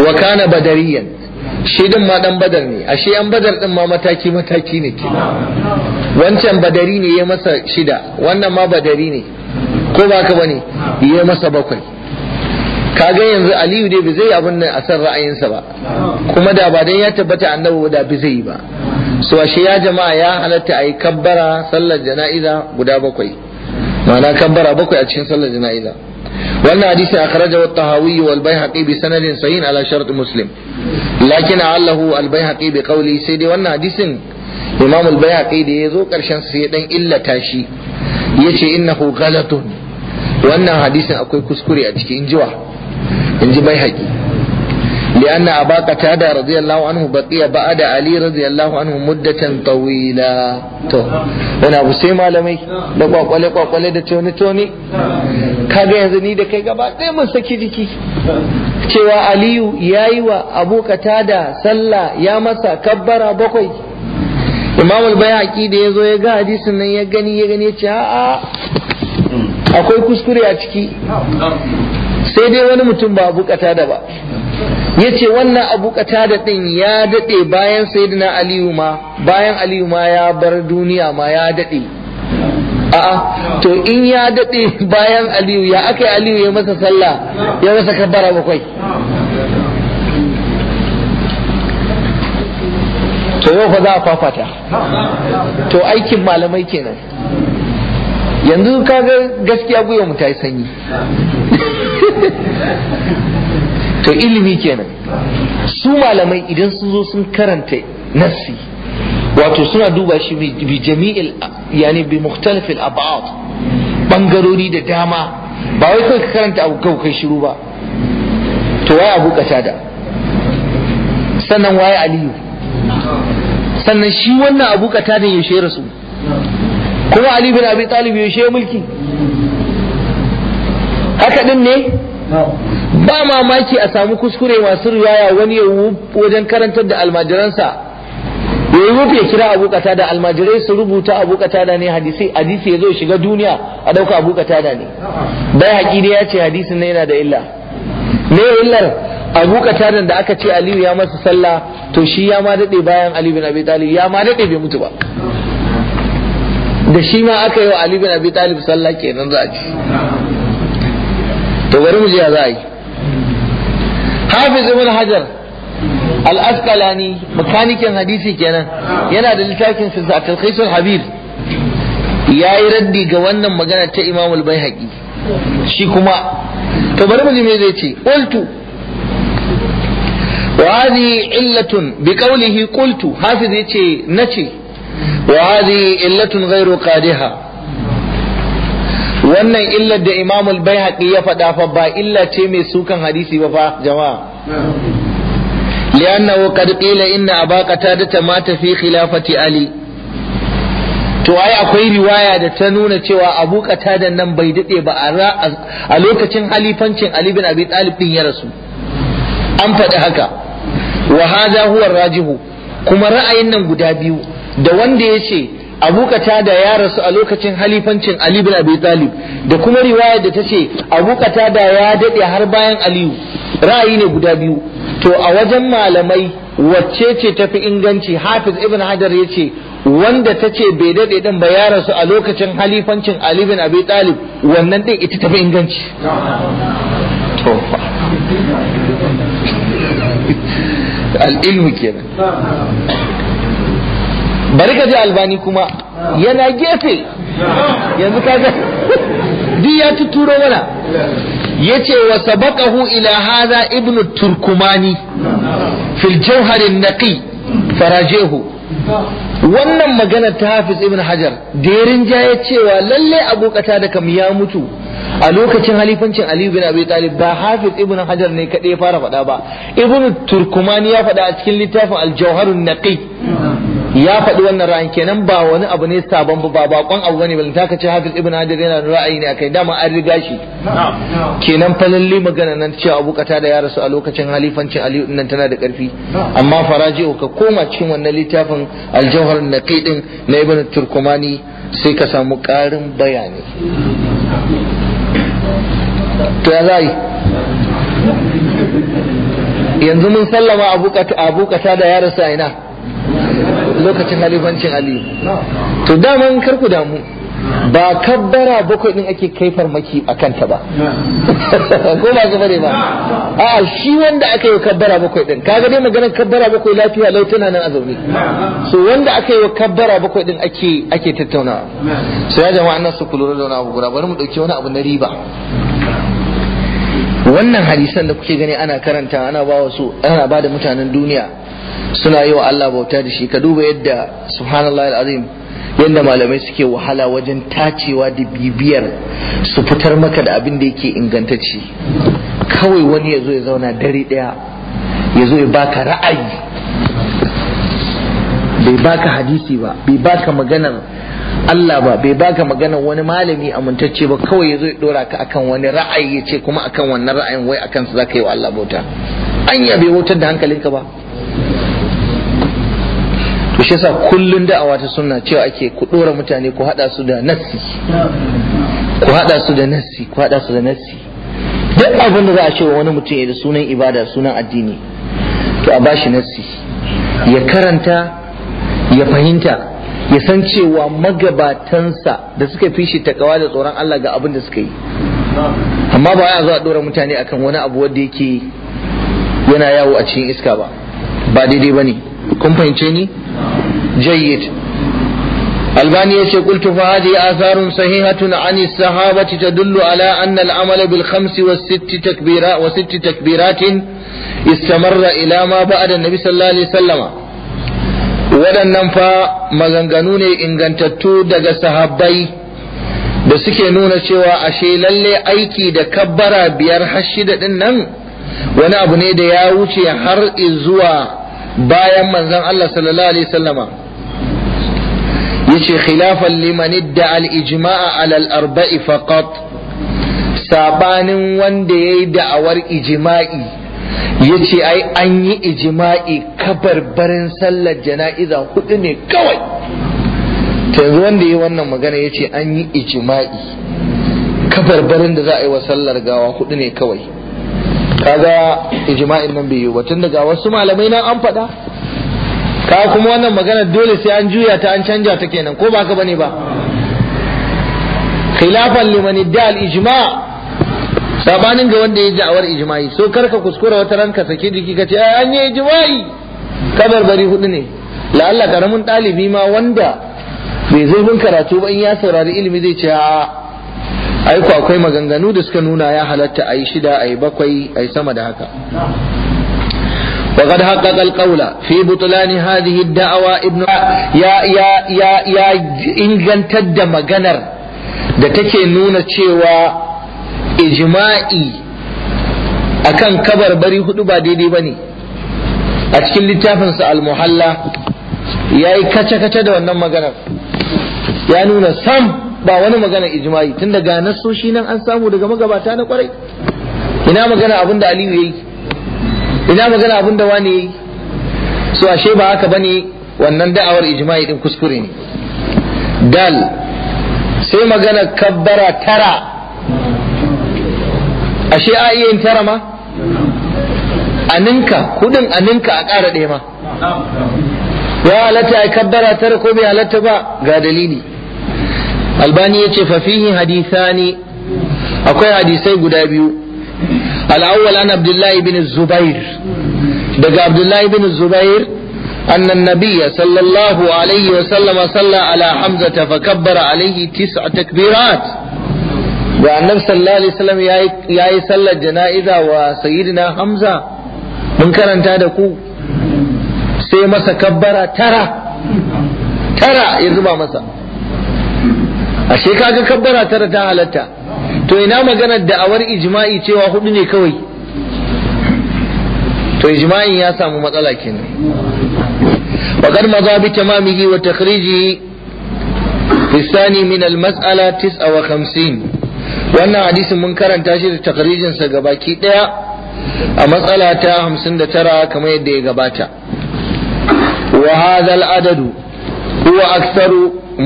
wa kana badariyan shi din ma dan badar ne shi an badar din ma mataki mataki ne ke wancan badari ne ya masa shida wannan ma badari ne ko ba ka bane ya masa bakwai kaga yanzu aliyu dai bai zai abin nan a san ra'ayinsa ba kuma da ba dan ya tabbata annabi da bi zai ba su ashe ya jama'a ya halatta yi kabbara sallar jana'iza guda bakwai ma'ana kabbara bakwai a cikin sallar jana'iza wannan hadisi akhrajahu at-tahawi wal baihaqi bi sanadin sahih ala shart muslim lakin allahu al baihaqi bi qawli sai dai wannan hadisin imam al baihaqi da zo karshen sai dan illata shi yace innahu ghalatun wannan hadisin akwai kuskure a cikin injiwa inji baihaqi لأن أبا قتادة رضي الله عنه بقي بعد علي رضي الله عنه مدة طويلة هنا أبو سيما لمي لقوا قولي قوا قولي دا توني توني كاقا يزني دا كي قبا ديما سكي جيكي cewa Aliyu ya yi wa Abu sallah ya masa kabbara bakwai Imam al-Bayhaqi da yazo ya ga hadisin nan ya gani ya gani ya ce a'a akwai kuskure a ciki sai dai wani mutum ba Abu Katada ba yace wannan abu da din ya daɗe bayan sayyidina aliyu ma bayan aliyu ma ya bar duniya ma ya dade a'a to in ya daɗe bayan aliyu ya akai aliyu ya masa sallah ya masa kabbara bakwai to yau fa za fafata to aikin malamai kenan yanzu kaga gaskiya gwiwa mu ta yi sanyi to ilimi kenan su malamai idan sun zo sun karanta nassi wato suna duba shi bi jami'il yani bi mukhtalifil ab'ad bangarori da dama ba wai kai ka karanta abu kawai kai shiru ba to waye abu da sannan waye aliyu sannan shi wannan abu da yaushe rasu kuma ali bin abi talib yaushe mulki haka din ne ba mamaki a samu kuskure masu riwaya wani ya wajen karantar da almajiransa ya yi ya kira abu da almajirai su rubuta abu da ne hadisi hadisi ya zo shiga duniya a ɗauka abu da ne bai haƙi ya ce hadisin na yana da illa ne illar abu da aka ce aliyu ya masa sallah to shi ya ma daɗe bayan aliyu bin abi talib ya ma daɗe bai mutu ba da shi ma aka yi wa aliyu bin abi talib sallah kenan za a ci to bari mu ji ya za a yi hafiz ibn hajar al-asqalani makanikin hadisi kenan yana da littafin sa talqisul habib yayi raddi ga wannan magana ta imam al-baihaqi shi kuma to bari mu ji me zai ce qultu وهذه علة بقوله قلت حافظ نتي وهذه علة غير قادها wannan illar da imamul bai haƙi ya faɗa fa ba illa ce mai sukan hadisi ba fa jama'a wa qad qila inna ta ta mata fi khilafati ali to ai akwai riwaya da ta nuna cewa abu qatada nan bai dade ba a lokacin halifancin ali bin abi talib din ya rasu an faɗi haka wa hadha huwa rajihu kuma ra'ayin nan guda biyu da wanda yace ce Abu Qatada ya rasu a lokacin halifancin Ali bin Abi Talib da kuma riwayar da ta ce Abu Qatada ya dade har bayan Aliyu ra'ayi ne guda biyu to a wajen malamai wacce ce tafi inganci Hafiz Ibn Hajar ya ce wanda ta ce bai daɗe ɗin ba ya rasu a lokacin halifancin Ali bin Abi Talib wannan ɗin ita tafi inganci. Al'ilmu kenan. bari ka ji albani kuma yana gefe yanzu ka duk ya tuturo mana ya ce wa sabaqahu ila hadha ibn turkumani fil jawhar naqi farajehu wannan magana ta hafiz ibn hajar da ya cewa lalle abokata da kam ya mutu a lokacin halifancin aliyu bin abi talib ba hafiz ibn hajar ne kaɗai fara faɗa ba ibn turkumani ya faɗa a cikin littafin Al-Jawharun naqi ya faɗi wannan ra'ayin kenan ba wani abu ne sabon ba bakon abu bane balanta kace hafiz ibn hajar yana da ra'ayi ne akai dama an riga shi kenan fa magana nan cewa abu kata da ya rasu a lokacin halifancin aliyu din nan tana da ƙarfi amma faraji'u ka koma cikin wannan littafin Al-Jawharun naqi din na ibn turkumani sai ka samu ƙarin bayani to ya za yi yanzu mun sallama abu kata da ya rasu ina lokacin halifancin ali to daman karku damu ba kabbara bakwai din ake kai farmaki a kanta ba ko ba ka bane ba a shi wanda aka yi kabbara bakwai din kaga dai maganar kabbara bakwai lafiya lau tana nan a zaune so wanda aka yi kabbara bakwai din ake ake tattaunawa so ya jama'a nan su kulura da wani abu guda bari mu dauki wani abu na riba wannan hadisan da kuke gani ana karanta ana ba wasu ana ba da mutanen duniya suna yi wa Allah bauta da shi ka duba yadda subhanallah alazim yadda malamai suke wahala wajen tacewa da bibiyar su fitar maka da abin da yake ingantacci kawai wani ya zo ya zauna dare daya ya zo ya baka ra'ayi bai baka hadisi ba bai baka maganar Allah ba bai baka magana wani malami amintacce ba kawai ya zo ya dora ka akan wani ra'ayi ya ce kuma akan wannan ra'ayin wai akan su ka yi wa Allah bauta an bai wutar da hankalinka ba to shi yasa kullun da'awa ta sunna cewa ake ku dora mutane ku hada su da nassi ku hada su da nassi ku hada su da nassi duk abin da za a ce wa wani mutum ya da sunan ibada sunan addini to a bashi nassi ya karanta ya fahimta ya san cewa magabatansa da suka fi shi takawa da tsoron Allah ga abin da suka yi amma ba ya zo a dora mutane akan wani abu wanda yake yana yawo a cikin iska ba ba daidai bane kun fahimce ni jayyid albani yace qultu fa hadhihi atharun sahihatun an as-sahabati tadullu ala anna al-amala bil khamsi wa sitti takbira wa sitti takbiratin istamarra ila ma ba'da an-nabi sallallahu alaihi waɗannan fa maganganu ne ingantattu daga sahabbai da suke nuna cewa ashe lalle aiki da kabbara biyar har shida ɗin nan wani abu ne da ya wuce har zuwa bayan manzon Allah sallallahu alaihi wasallama yace khilafan limanid da al ijma'a alal al arba'i faqat sabanin wanda yayi da'awar ijima'i. ya ce ai an yi ijima'i kabarbarin sallar jana'iza hudu ne kawai ta yanzu wanda ya wannan magana ya ce an yi ijima'i kabarbarin da za a yi wa sallar gawa hudu ne kawai kaga ijima'in nan bai ba tun daga wasu malamai nan an faɗa ka kuma wannan magana dole sai an juya ta an canja ta kenan ko ba ka bane ba khilafan liman idda al ijma' sabanin ga wanda ya da'awar ijimai so karka kuskura wata ranka sake jiki ka ce an yi ijimai kabar bari hudu ne la'alla karamin ɗalibi ma wanda bai mun karatu ba in ya saurari ilimi zai ce a aiko akwai maganganu da suka nuna ya halatta a shida ai bakwai ai sama da haka وقد حقق القول في بطلان هذه الدعوة ابن يا يا يا يا da take nuna cewa ijma'i akan kabar bari hudu ba daidai ba ne a cikin littafinsa al-muhalla ya yi kace-kace da wannan maganar ya nuna sam ba wani magana ijma'i tun daga nasoshi nan an samu daga magabata na kwarai ina magana abin da aliyu ya yi ina magana abin da wani ya yi so ashe ba haka bane wannan da'awar ijma'i din kuskure ne dal sai magana kabbara tara ashe a iya yin tara ma a ninka kudin a ninka a ƙara ɗaya ma ya halatta a kabbara tara ko bai halatta ba ga dalili albani ya ce fafihi hadisani akwai hadisai guda biyu al'awwal an abdullahi bin zubair daga abdullahi bin zubair أن النبي صلى الله عليه وسلم صلى على حمزة فكبر عليه تسع تكبيرات da annab sallallahu alaihi wasallam yayi sallar jana'iza wa sayyidina hamza mun karanta da ku sai masa kabbara tara tara ya zuba masa ashe ga kabbara tara ta halatta to ina maganar da'awar ijma'i cewa hudu ne kawai to ijma'in ya samu matsala kenan وقد مضى بتمامه وتخريجه في الثاني من المسألة تسعة وخمسين wannan hadisin mun karanta shi da takarijinsa sa gabaki daya a matsala ta hamsin da tara kamar yadda ya gabata wa hadha adadu huwa aktharu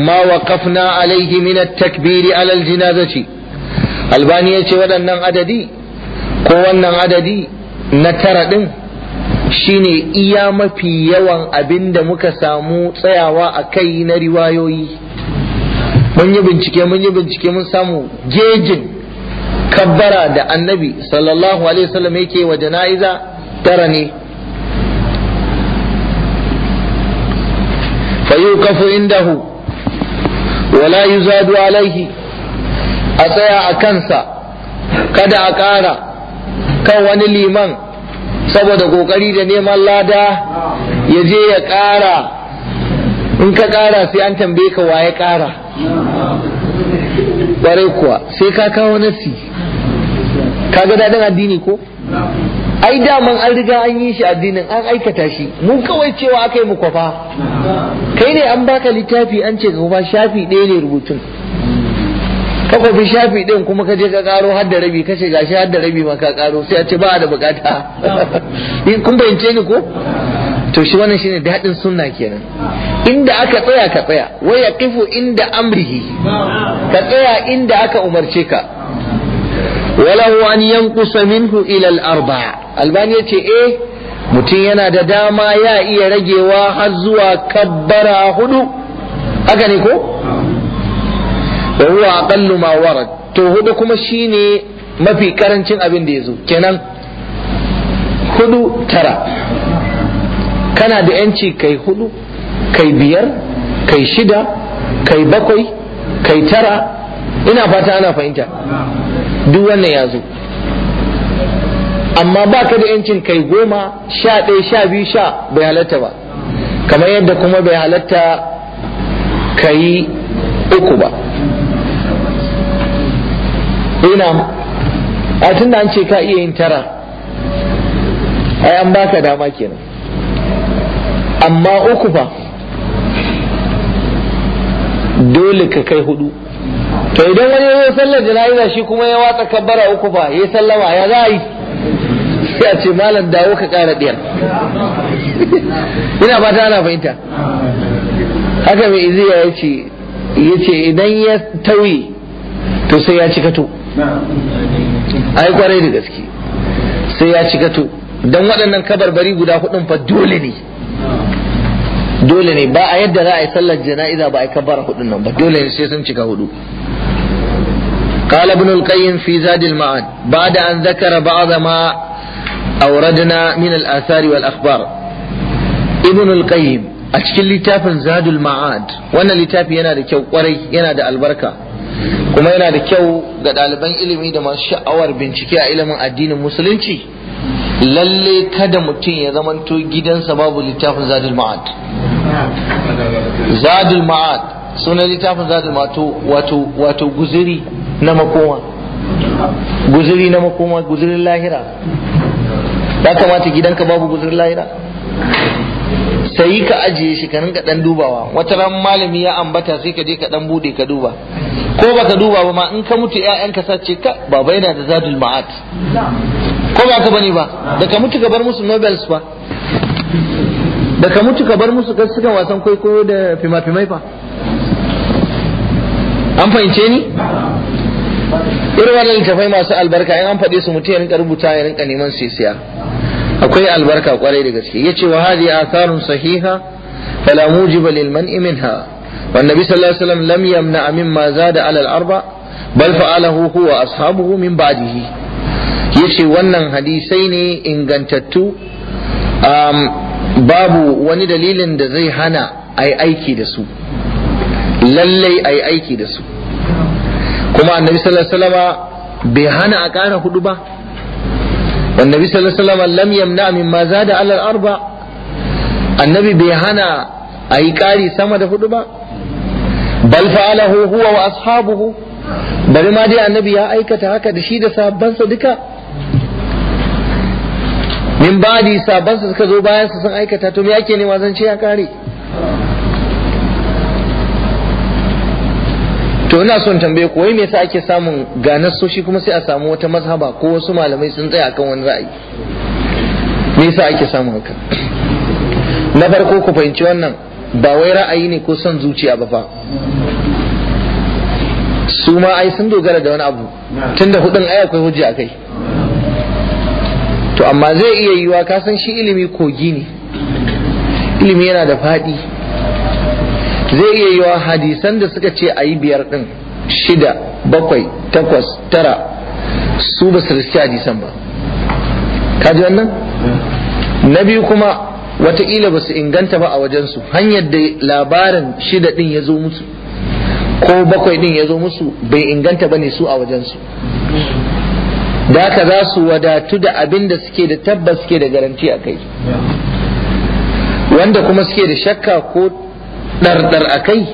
ma waqafna alayhi min at-takbiri ala al-janazati albani yace waɗannan adadi ko wannan adadi na tara din shine iya mafi yawan abin da muka samu tsayawa a kai na riwayoyi mun yi bincike mun yi bincike mun samu gejin kabbara da annabi sallallahu alaihi wasallam yake wa jana'iza tara ne fayuqafu indahu wala yuzadu alaihi a tsaya a kansa kada a ƙara kan wani liman saboda ƙoƙari da neman lada ya je ya ƙara in ka ƙara sai an tambaye ka wa ya ƙara ƙwarai kuwa sai ka kawo nassi ka ga daɗin addini ko ai daman an riga an yi shi addinin an aikata shi mun kawai cewa aka yi kwafa kai ne an baka littafi an ce kwafa shafi ɗaya ne rubutun ka kwafi shafi ɗin kuma ka je ka karo har da rabi ka ce gashi har da rabi ma ka karo sai a ce ba da bukata kun bayance ni ko to shi wannan shine daɗin sunna kenan inda aka tsaya ka tsaya ya kifu inda amrihi ka tsaya inda aka umarce ka walahu an yanqusa minhu ila al-arba'a albani yace eh mutum yana da dama ya iya ragewa har zuwa kabbara hudu haka ne ko wa huwa aqallu ma warad to hudu kuma shine mafi karancin abin da yazo kenan hudu tara kana da yanci kai hudu kai biyar kai shida kai bakwai kai tara ina fata ana fahimta duk wannan ya zo amma ba ka da yancin kai goma sha ɗaya sha biyu sha bai halatta ba kamar yadda kuma bai halatta ka uku ba ina a tun da an ce ka iya yin tara ai an baka dama kenan amma uku fa dole ka kai hudu to idan wani ya sallar jana'iza shi kuma ya watsa kabbara uku fa ya sallama ya za a yi sai a ce malam dawo ka kara ɗiyar ina ba ta ana fahimta haka mai iziya ya ce ya ce idan ya tauye to sai ya cika to ai kwarai da gaske sai ya cika to don waɗannan kabarbari guda hudun fa dole ne dole ne ba a yadda za a yi sallar jana'iza ba a yi kabbara hudun nan ba dole ne sai sun cika hudu قال ابن القيم في زاد المعاد بعد أن ذكر بعض ما أوردنا من الآثار والأخبار ابن القيم أشكل لتاف زاد المعاد وأنا لتاف ينادى كو وري ينادى البركة kuma yana da kyau ga ɗaliban ilimi da masu sha'awar bincike a ilimin addinin musulunci Lallai kada mutum ya zamanto gidansa babu littafin Zadulma'ad. zadul ma'ad sunan littafin zadul ma'ad wato wato guziri na makoma guziri na makoma guzirin lahira ya kamata gidanka babu guzirin lahira sai ka ajiye shi ka rinka dan dubawa wata ran malami ya ambata sai ka je ka dan bude ka duba ko baka duba ba ma in ka mutu ƴaƴanka sace ka baba yana da zadul ma'ad ko ba ka bane ba da ka mutu ka bar musu nobels ba da ka mutu ka bar musu suka wasan kwaikwayo da fimafimai fa an fahimce ni irin littafai masu albarka in an faɗe su mutu ya rinka rubuta ya rinka neman sisiya akwai albarka kwarai da gaske ya ce wa a atharun sahiha fala mujiba lil man'i minha wan nabi sallallahu alaihi wasallam lam yamna mimma zada ala al arba bal fa'alahu huwa ashabuhu min ba'dihi yace wannan hadisai ne ingantattu um, babu wani dalilin da zai hana a aiki da su lallai a aiki da su kuma annabi sallallahu alaihi bai hana a ƙara hudu ba annabi sallallahu alaihi lam yamna min ma zada alal arba annabi bai hana a yi ƙari sama da hudu ba bal fa'alahu huwa wa ashabuhu bari ma dai annabi ya aikata haka da shi da sahabbansa duka min badi sabon su suka zo bayan su sun aikata to me ake nema zan ce ya kare to ina son tambaye ku wai me yasa ake samun ga kuma sai a samu wata mazhaba ko wasu malamai sun tsaya akan wani ra'ayi me yasa ake samun haka na farko ku fahimci wannan ba wai ra'ayi ne ko son zuciya ba fa su ma ai sun dogara da wani abu tunda hudun ai akwai hujja akai to amma zai iya yiwa ka san shi ilimi kogi ne ilimi yana da faɗi zai iya yiwa hadisan da suka ce a yi biyar ɗin shida bakwai takwas tara su ba su riski hadisan ba ka ji wannan na biyu kuma wataƙila ba su inganta ba a wajensu hanyar da labarin shida ɗin ya zo musu ko bakwai ɗin ya zo musu bai inganta ba ne su a wajensu da haka za su wadatu da abin da suke da tabbas suke da garanti a kai wanda kuma suke da shakka ko ɗarɗar a kai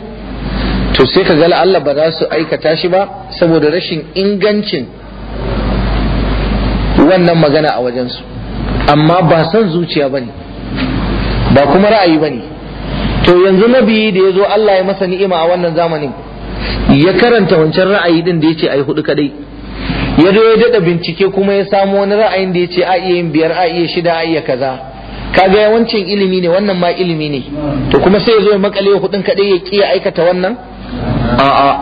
to sai ka gala Allah ba za su aikata shi ba saboda rashin ingancin wannan magana a wajensu amma ba son zuciya ba ne ba kuma ra'ayi ba ne to yanzu nabi da ya zo Allah ya masa ni'ima a wannan zamanin ya karanta wancan ra'ayi din da ya ce a yi hudu kadai ya zo ya daɗa bincike kuma ya samu wani ra'ayin da ya ce a yin biyar a shida a iya kaza kaga yawancin ilimi ne wannan ma ilimi ne to kuma sai ya zo ya makale kuɗin kaɗai ya ƙi ya aikata wannan a'a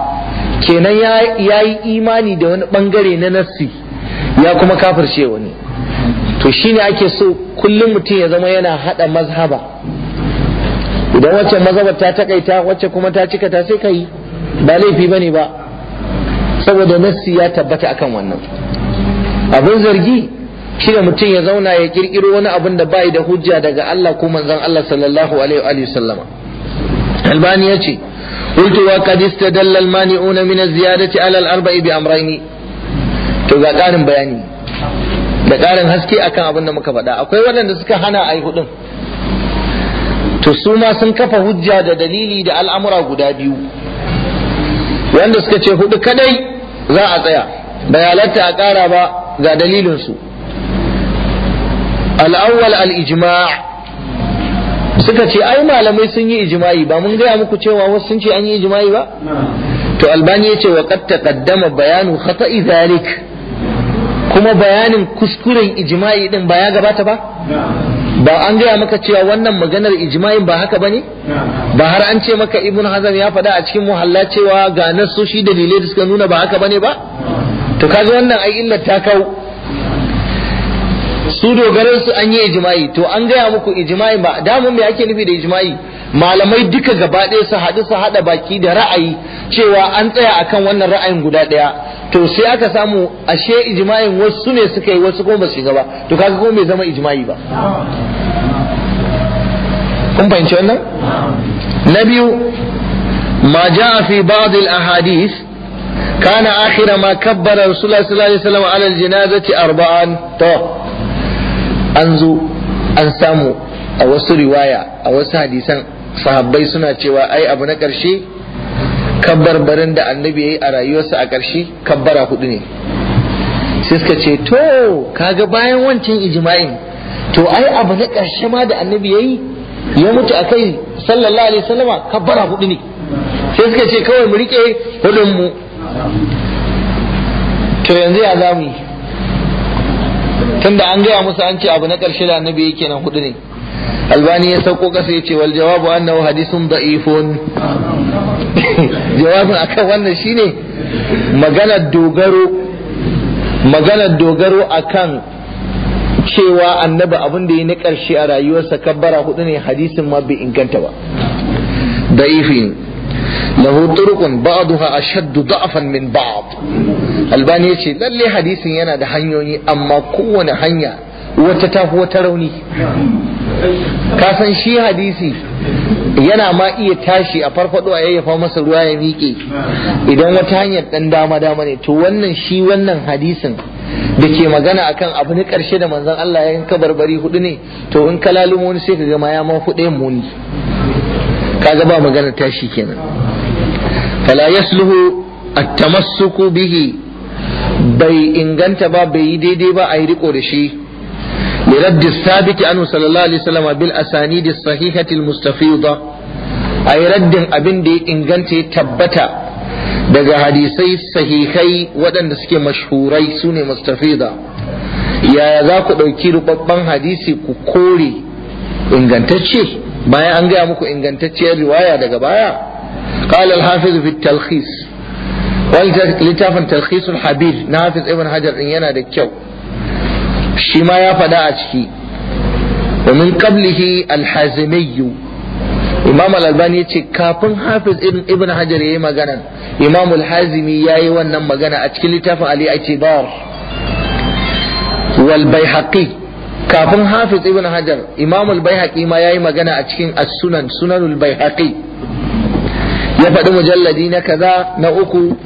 kenan ya yi imani da wani bangare na nassi ya kuma kafirce wani to shine ake so kullum mutum ya zama yana haɗa mazhaba idan wacce mazhabar ta takaita wacce kuma ta cika ta sai ka yi ba laifi bane ba saboda nassi ya tabbata akan wannan abin zargi shi da mutum ya zauna ya kirkiro wani abin da bai da hujja daga Allah ko manzon Allah sallallahu alaihi wa sallama albani ya ce قلت وقد استدل المانعون من الزيادة على الأربع بأمرين to ga ƙarin bayani da ƙarin haske akan abin da muka faɗa akwai waɗanda suka hana a yi hudun to su ma sun kafa hujja da dalili da al'amura guda biyu wanda suka ce hudu kadai za a tsaya bai halatta a ƙara ba ga dalilinsu al'awwal al'ijima suka ce ai malamai sun yi ijima'i ba mun gaya muku cewa wasu sun ce an yi ijima'i ba to albani ya ce wa qad taqaddama bayanu khata'i zalik kuma bayanin kuskuren ijima'i din ba ya gabata ba ba an gaya maka cewa wannan maganar ijma'in ba haka bane ba har an ce maka ibn hazan ya faɗa a cikin muhalla cewa ga shi dalilai da suka nuna ba haka bane ba to kaga wannan ai illar ta kau su dogaran su an yi ijma'i to an gaya muku ijma'in ba damun me ake nufi da ijma'i malamai duka gaba ɗaya su haɗu su haɗa baki da ra'ayi cewa an tsaya akan wannan ra'ayin guda ɗaya to sai aka samu ashe ijma'in wasu ne suka yi wasu kuma ba su ba to kaga kuma bai zama ijma'i ba kun fahimci wannan na biyu ma ja'a fi ba'd al ahadith kana akhira ma kabbara rasulullahi sallallahu alaihi wasallam ala al janazati arba'an to an zo an samu a wasu riwaya a wasu hadisan sahabbai suna cewa ai abu na ƙarshe kabbarbarin da annabi ya yi a rayuwarsa a ƙarshe kabbara hudu ne sai suka ce to kaga bayan wancan ijma'in to ai abu na ƙarshe ma da annabi ya yi ya mutu a kai sallallahu alaihi wasallama kabbara hudu ne sai suka ce kawai mu riƙe hudun mu to yanzu ya zamu yi tunda an gaya musu an ce abu na ƙarshe da annabi yake nan hudu ne albani ya sauko kasa ya ce wal jawabu da'ifun jawabin akan wannan shine maganar dogaro maganar dogaro akan cewa annabi abin da ya na ƙarshe a rayuwarsa kabbara hudu ne hadisin ma bai inganta ba da'ifi lahu turqun ba'daha shaddu da'fan min ba'd albani yace lalle hadisin yana da hanyoyi amma kowane hanya wata ta wata rauni kasan shi hadisi yana ma iya tashi a farfado a yayyafa masa ruwa ya miƙe idan wata hanyar ɗan dama dama ne to wannan shi wannan hadisin da ke magana akan abu na ƙarshe da manzon Allah ya yanka barbari hudu ne to in ka lalumo wani sai ka gama ya ma hudu muni kaga ba magana tashi kenan fala yasluhu at-tamassuku bihi bai inganta ba bai yi daidai ba a yi riko da shi برد الثابت عنه صلى الله عليه وسلم بالأسانيد الصحيحة المستفيضة أي رد أبن دي إنغنتي تبتا daga hadisai sahihai waɗanda suke mashurai su ne mustafida yaya za ku ɗauki rubabban hadisi ku kore ingantacce bayan an gaya muku ingantacciyar riwaya daga baya قال الحافظ في التلخيص littafin talkhisul habir na hafiz ibn hajar ɗin yana da kyau shi ma ya faɗa a ciki wa min qablihi al-hazimiyyu imam al-albani yace yayi magana imam al-hazimi yayi wannan magana a cikin littafin magana a cikin as ya faɗi mujalladi na kaza na uku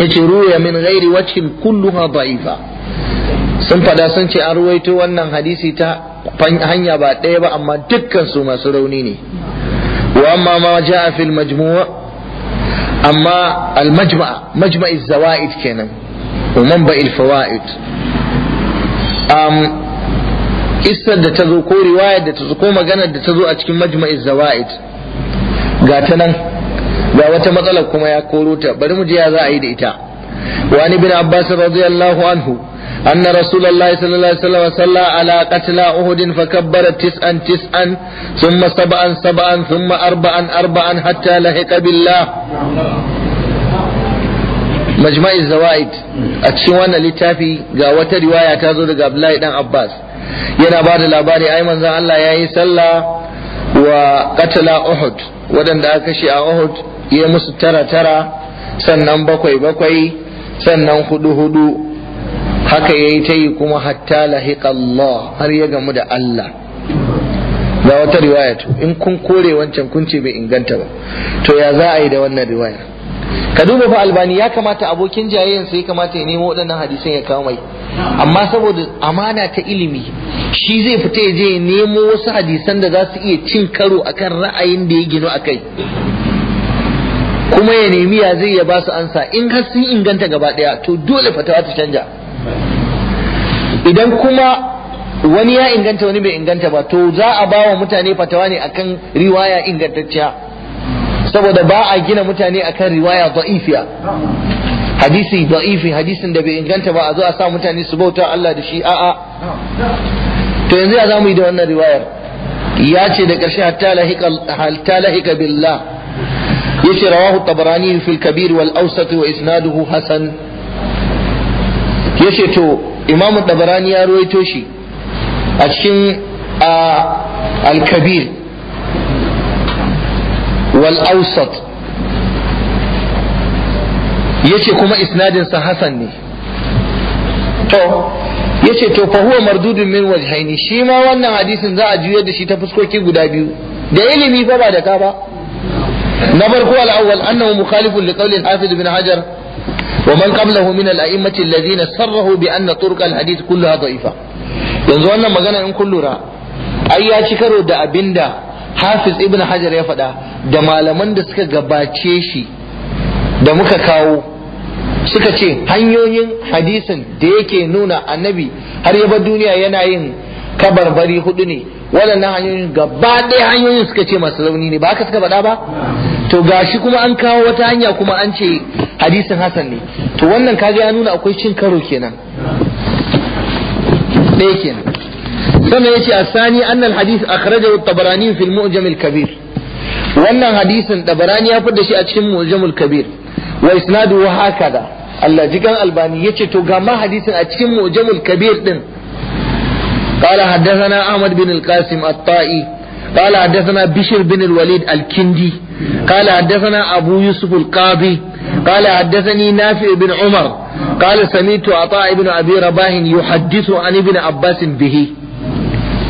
yace ruya min ghairi wajhin kulluha da'ifa sun fada sun ce an ruwaito wannan hadisi ta hanya ba ɗaya ba amma dukkan su masu rauni ne wa amma ma ja'a fil majmu'a amma al majma'a majma'i zawaid kenan wa manba al fawaid um kissar da ta zo ko riwayar da ta zo ko maganar da ta zo a cikin majma'i zawaid ga ta nan ga wata matsalar kuma ya koro ta bari mu ji ya za a yi da ita wani bin abbas radiyallahu anhu أن رسول الله صلى الله عليه وسلم صلى على قتلى أهد فكبر تسعا تسعا ثم سبعا سبعا ثم أربعا أربعا حتى لحق بالله مجمع الزوائد أتشوان لتافي قاوة رواية قبل الله عباس yana ba da labari ai manzon Allah ya yi sallah wa waɗanda aka kashe a ya musu tara tara sannan bakwai bakwai sannan hudu hudu haka ya yi ta yi kuma hatta lahiqa Allah har ya gamu da Allah ga wata riwaya to in kun kore wancan kun ce bai inganta ba to ya za a yi da wannan riwaya ka duba fa albani ya kamata abokin jayayen sai kamata ya nemo waɗannan hadisan ya kawo mai amma saboda amana ta ilimi shi zai fita ya je ya nemo wasu hadisan da za su iya cin karo akan ra'ayin da ya gino kai. kuma ya nemi ya zai ya ba su ansa in har sun inganta gaba daya to dole fatawa ta canja idan kuma wani ya inganta wani bai inganta ba to za a ba wa mutane fatawa ne akan riwaya ingantacciya saboda ba a gina mutane akan riwaya da'ifiya hadisi da'ifi hadisin da bai inganta ba a zo a sa mutane su bauta Allah da shi a'a to yanzu ya zamu yi da wannan riwayar ya ce da ƙarshe hatta lahika billah yace rawahu tabarani fil kabir wal awsat wa isnaduhu hasan yace to imam tabarani ya ruwaito shi a cikin al kabir wal awsat yace kuma isnadin sa hasan ne to yace to fa huwa mardudun min wajhaini shi ma wannan hadisin za a juyar da shi ta fuskoki guda biyu da ilimi fa ba da ka ba na farko al-awwal annahu mukhalifun li qawli al-hafiz ibn hajar wa man qablahu min al-a'immah alladhina sarrahu bi anna turuq al-hadith kullaha da'ifa yanzu wannan magana in kun lura ai ya ci karo da abinda hafiz ibn hajar ya faɗa da malaman da suka gabace shi da muka kawo suka ce hanyoyin hadisin da yake nuna annabi har ya bar duniya yana yin kabarbari hudu ne waɗannan hanyoyin gaba ɗaya hanyoyin suka ce masu rauni ne ba haka suka faɗa ba to gashi kuma an kawo wata hanya kuma an ce hadisin hasan ne to wannan kaga ya nuna akwai cin karo kenan ɗaya kenan sannan yace Sani annal hadith akhrajahu at-tabarani fi al-mu'jam al-kabir wannan hadisin tabarani ya fi da shi a cikin mu'jam al-kabir wa isnaduhu hakada Allah jikan albani yace to ga ma hadisin a cikin mu'jam al-kabir din قال حدثنا أحمد بن القاسم الطائي قال حدثنا بشر بن الوليد الكندي قال حدثنا أبو يوسف القاضي قال حدثني نافع بن عمر قال سمعت عطاء بن أبي رباح يحدث عن ابن عباس به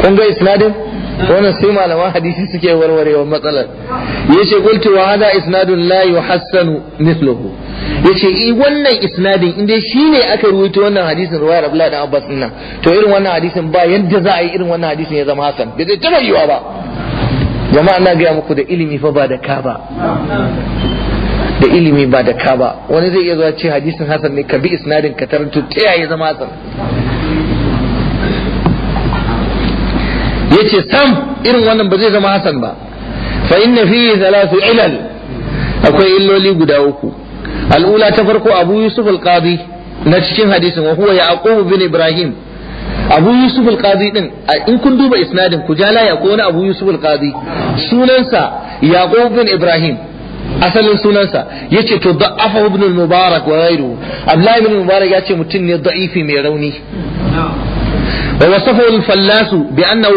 كنت إسناده wannan sai malaman hadisi suke warwarewa matsalar yace qultu wa hada isnadun la yuhassanu mithluhu yace i eh, wannan isnadin inda shine aka ruwaito wannan hadisin ruwayar Abdullah dan Abbas din to irin wannan hadisin ba yadda za a yi irin wannan hadisin ya zama hasan bai zai taba yiwa ba jama'a na gaya muku da ilimi fa ba da ka ba da ilimi ba da ka ba wani zai iya zuwa ce hadisin hasan ne ka bi isnadin ka tarantu ta yaya zama hasan yace sam irin wannan ba zai zama hasan ba fa inna fihi thalathu ilal akwai illoli guda uku al'ula ta farko abu yusuf al-qadi na cikin hadisin wa huwa yaqub bin ibrahim abu yusuf al-qadi din in kun duba isnadin ku jala ya wani abu yusuf al-qadi sunansa yaqub bin ibrahim asalin sunansa yace to da'afa ibn al-mubarak wa ghayru abdullah ibn mubarak yace mutum ne da'ifi mai rauni wa wasafahu al-fallas bi annahu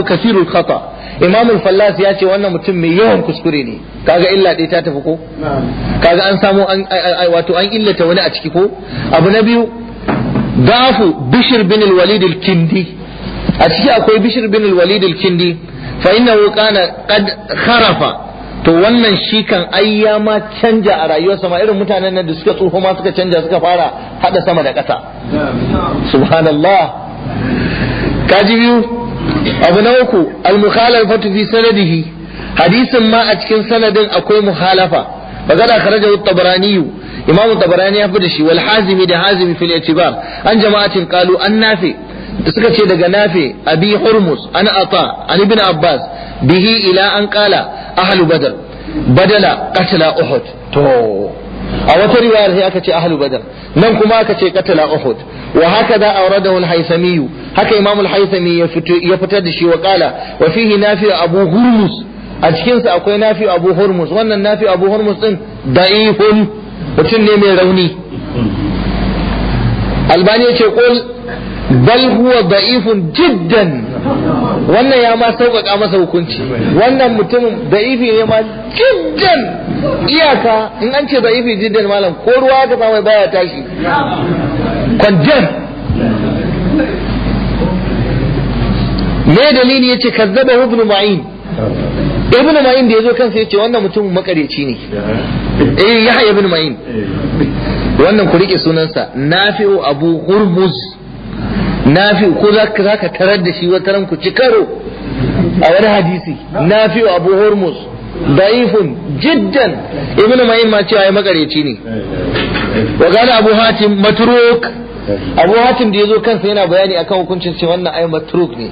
imam al ya ce wannan mutum mai yawan kuskure ne kaga illa dai ta tafi ko kaga an samu an wato an illata wani a ciki ko abu na biyu dafu bishr bin walid kindi a ciki akwai Bishir bin al-walid al-kindi fa innahu kana qad kharafa to wannan shi kan ai ya canja a rayuwar sama, irin mutanen nan da suka tsoho ma suka canza suka fara hada sama da ƙasa subhanallah kaji biyu abu na uku al-mukhalafatu fi sanadihi hadisin ma a cikin sanadin akwai muhalafa magana kharaja tabarani imam tabarani ya da shi wal hazimi da hazimi fil itibar an jama'atin qalu an nafi da suka ce daga nafi abi hurmus an ata an ibn abbas bihi ila an qala ahlu badr badala qatala uhud to a wata riwayar sai aka ce ahlu badar nan kuma aka ce qatala uhud wa haka da awradahu al-haysami haka imam al-haythami ya fito ya fitar da shi wa qala wa fihi nafi abu hurmus a cikin sa akwai nafi abu hurmus wannan nafi abu hurmus din da'ifun mutum ne mai rauni albani yace qul bal huwa da'ifun jiddan wannan ya ma sauƙaƙa masa hukunci wannan mutumin da'ifi ne ma jiddan iyaka in an ce da'ifi jiddan malam ko ruwa ka samai baya tashi kwanjan me dalili yace kazzaba ibn ma'in ibn ma'in da yazo kansa yace wannan mutum makareci ne eh yahya ibn ma'in wannan ku rike sunansa nafi'u abu hurmuz nafi'u ko za ka tarar da shi wata ranku ku ci karo a wani hadisi nafi'u abu hurmuz da'ifun jiddan ibn ma'in ma cewa ne wa gana abu hatim matruk abu hatim da ya zo kansa yana bayani akan hukuncin ce wannan ne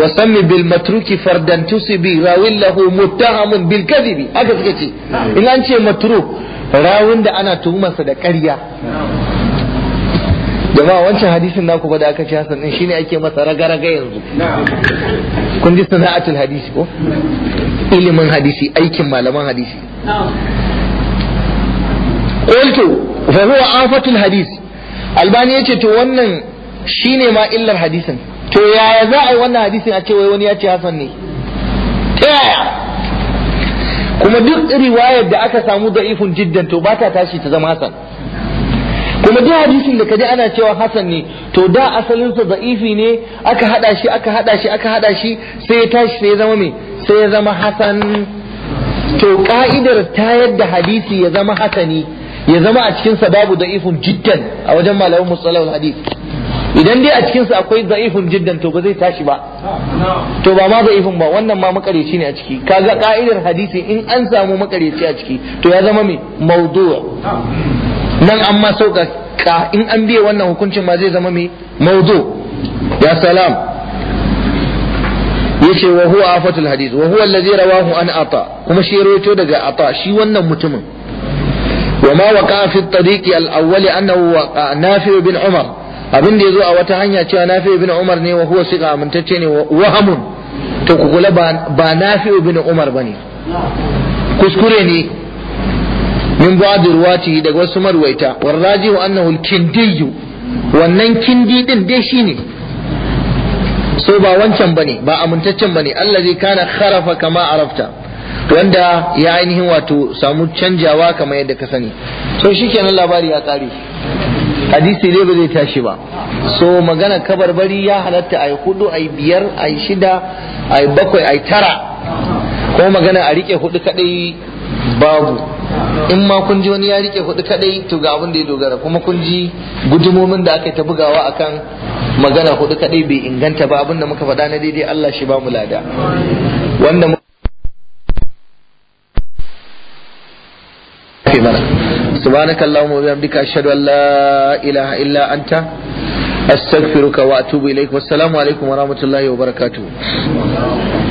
wasalli bil matruki fardan tusibi rawin lahu muttahamun bil kadhibi haka suka ce in an ce matruk rawin da ana tuhumarsa da ƙarya jama'a wancan hadisin naku ba da aka ci hasan din shine ake masa raga-raga yanzu kun ji sana'atul hadisi ko ilimin hadisi aikin malaman hadisi qultu fa huwa afatul hadis albani yace to wannan shine ma illar hadisin to yaya za a yi wannan hadisin a ce wai wani ya ce hasan ne ta yaya kuma duk riwayar da aka samu da ifin jiddan to ba ta tashi ta zama hasan kuma duk hadisin da kaji ana cewa hasan ne to da asalinsa za'ifi ne aka hada shi aka hada shi aka hada shi sai ya tashi sai ya zama me sai ya zama hasan to ka'idar ta yadda hadisi ya zama hasani ya zama a cikinsa babu da ifin jiddan a wajen malamin musalahul hadisi idan dai a cikinsu akwai za'ifun jiddan to ba zai tashi ba to ba ma za'ifun ba wannan ma makareci ne a ciki kaga ka'idar hadisi in an samu makareci a ciki to ya zama mai maudu nan an ma sauka ka in an biye wannan hukuncin ma zai zama mai maudu ya salam yace wa huwa afatul hadis wa huwa allazi rawahu an ata kuma shi rawaito daga ata shi wannan mutumin وما وقع في الطريق الأول أنه وقع نافع بن عمر abin da ya zo a wata hanya cewa nafi ibn umar ne wa huwa siga amintacce ne wahamun to ku kula ba nafi ibn umar bane kuskure ne min ba'd ruwati daga wasu marwaita warraji wa annahu al wannan kindi din dai shine so ba wancan bane ba amintaccen Allah zai kana kharafa kama arafta wanda ya ainihin wato samu canjawa kamar yadda ka sani so shikenan labari ya kare hadisi ne ba zai tashi ba so magana kabar-bari ya halatta ai hudu ai biyar ai shida ai bakwai ai tara ko magana a rike hudu kadai babu in ma kun ji wani ya rike hudu kadai to ga abin da ya dogara kuma kun ji gudumomin da aka ta bugawa akan magana hudu kadai bai inganta ba abin da muka faɗa na daidai Allah shi ba mu lada wanda mana subhanakallahumma wa bihamdika ashhadu an la ilaha illa anta astaghfiruka wa atubu ilaik wassalamu alaikum wa rahmatullahi wa barakatu.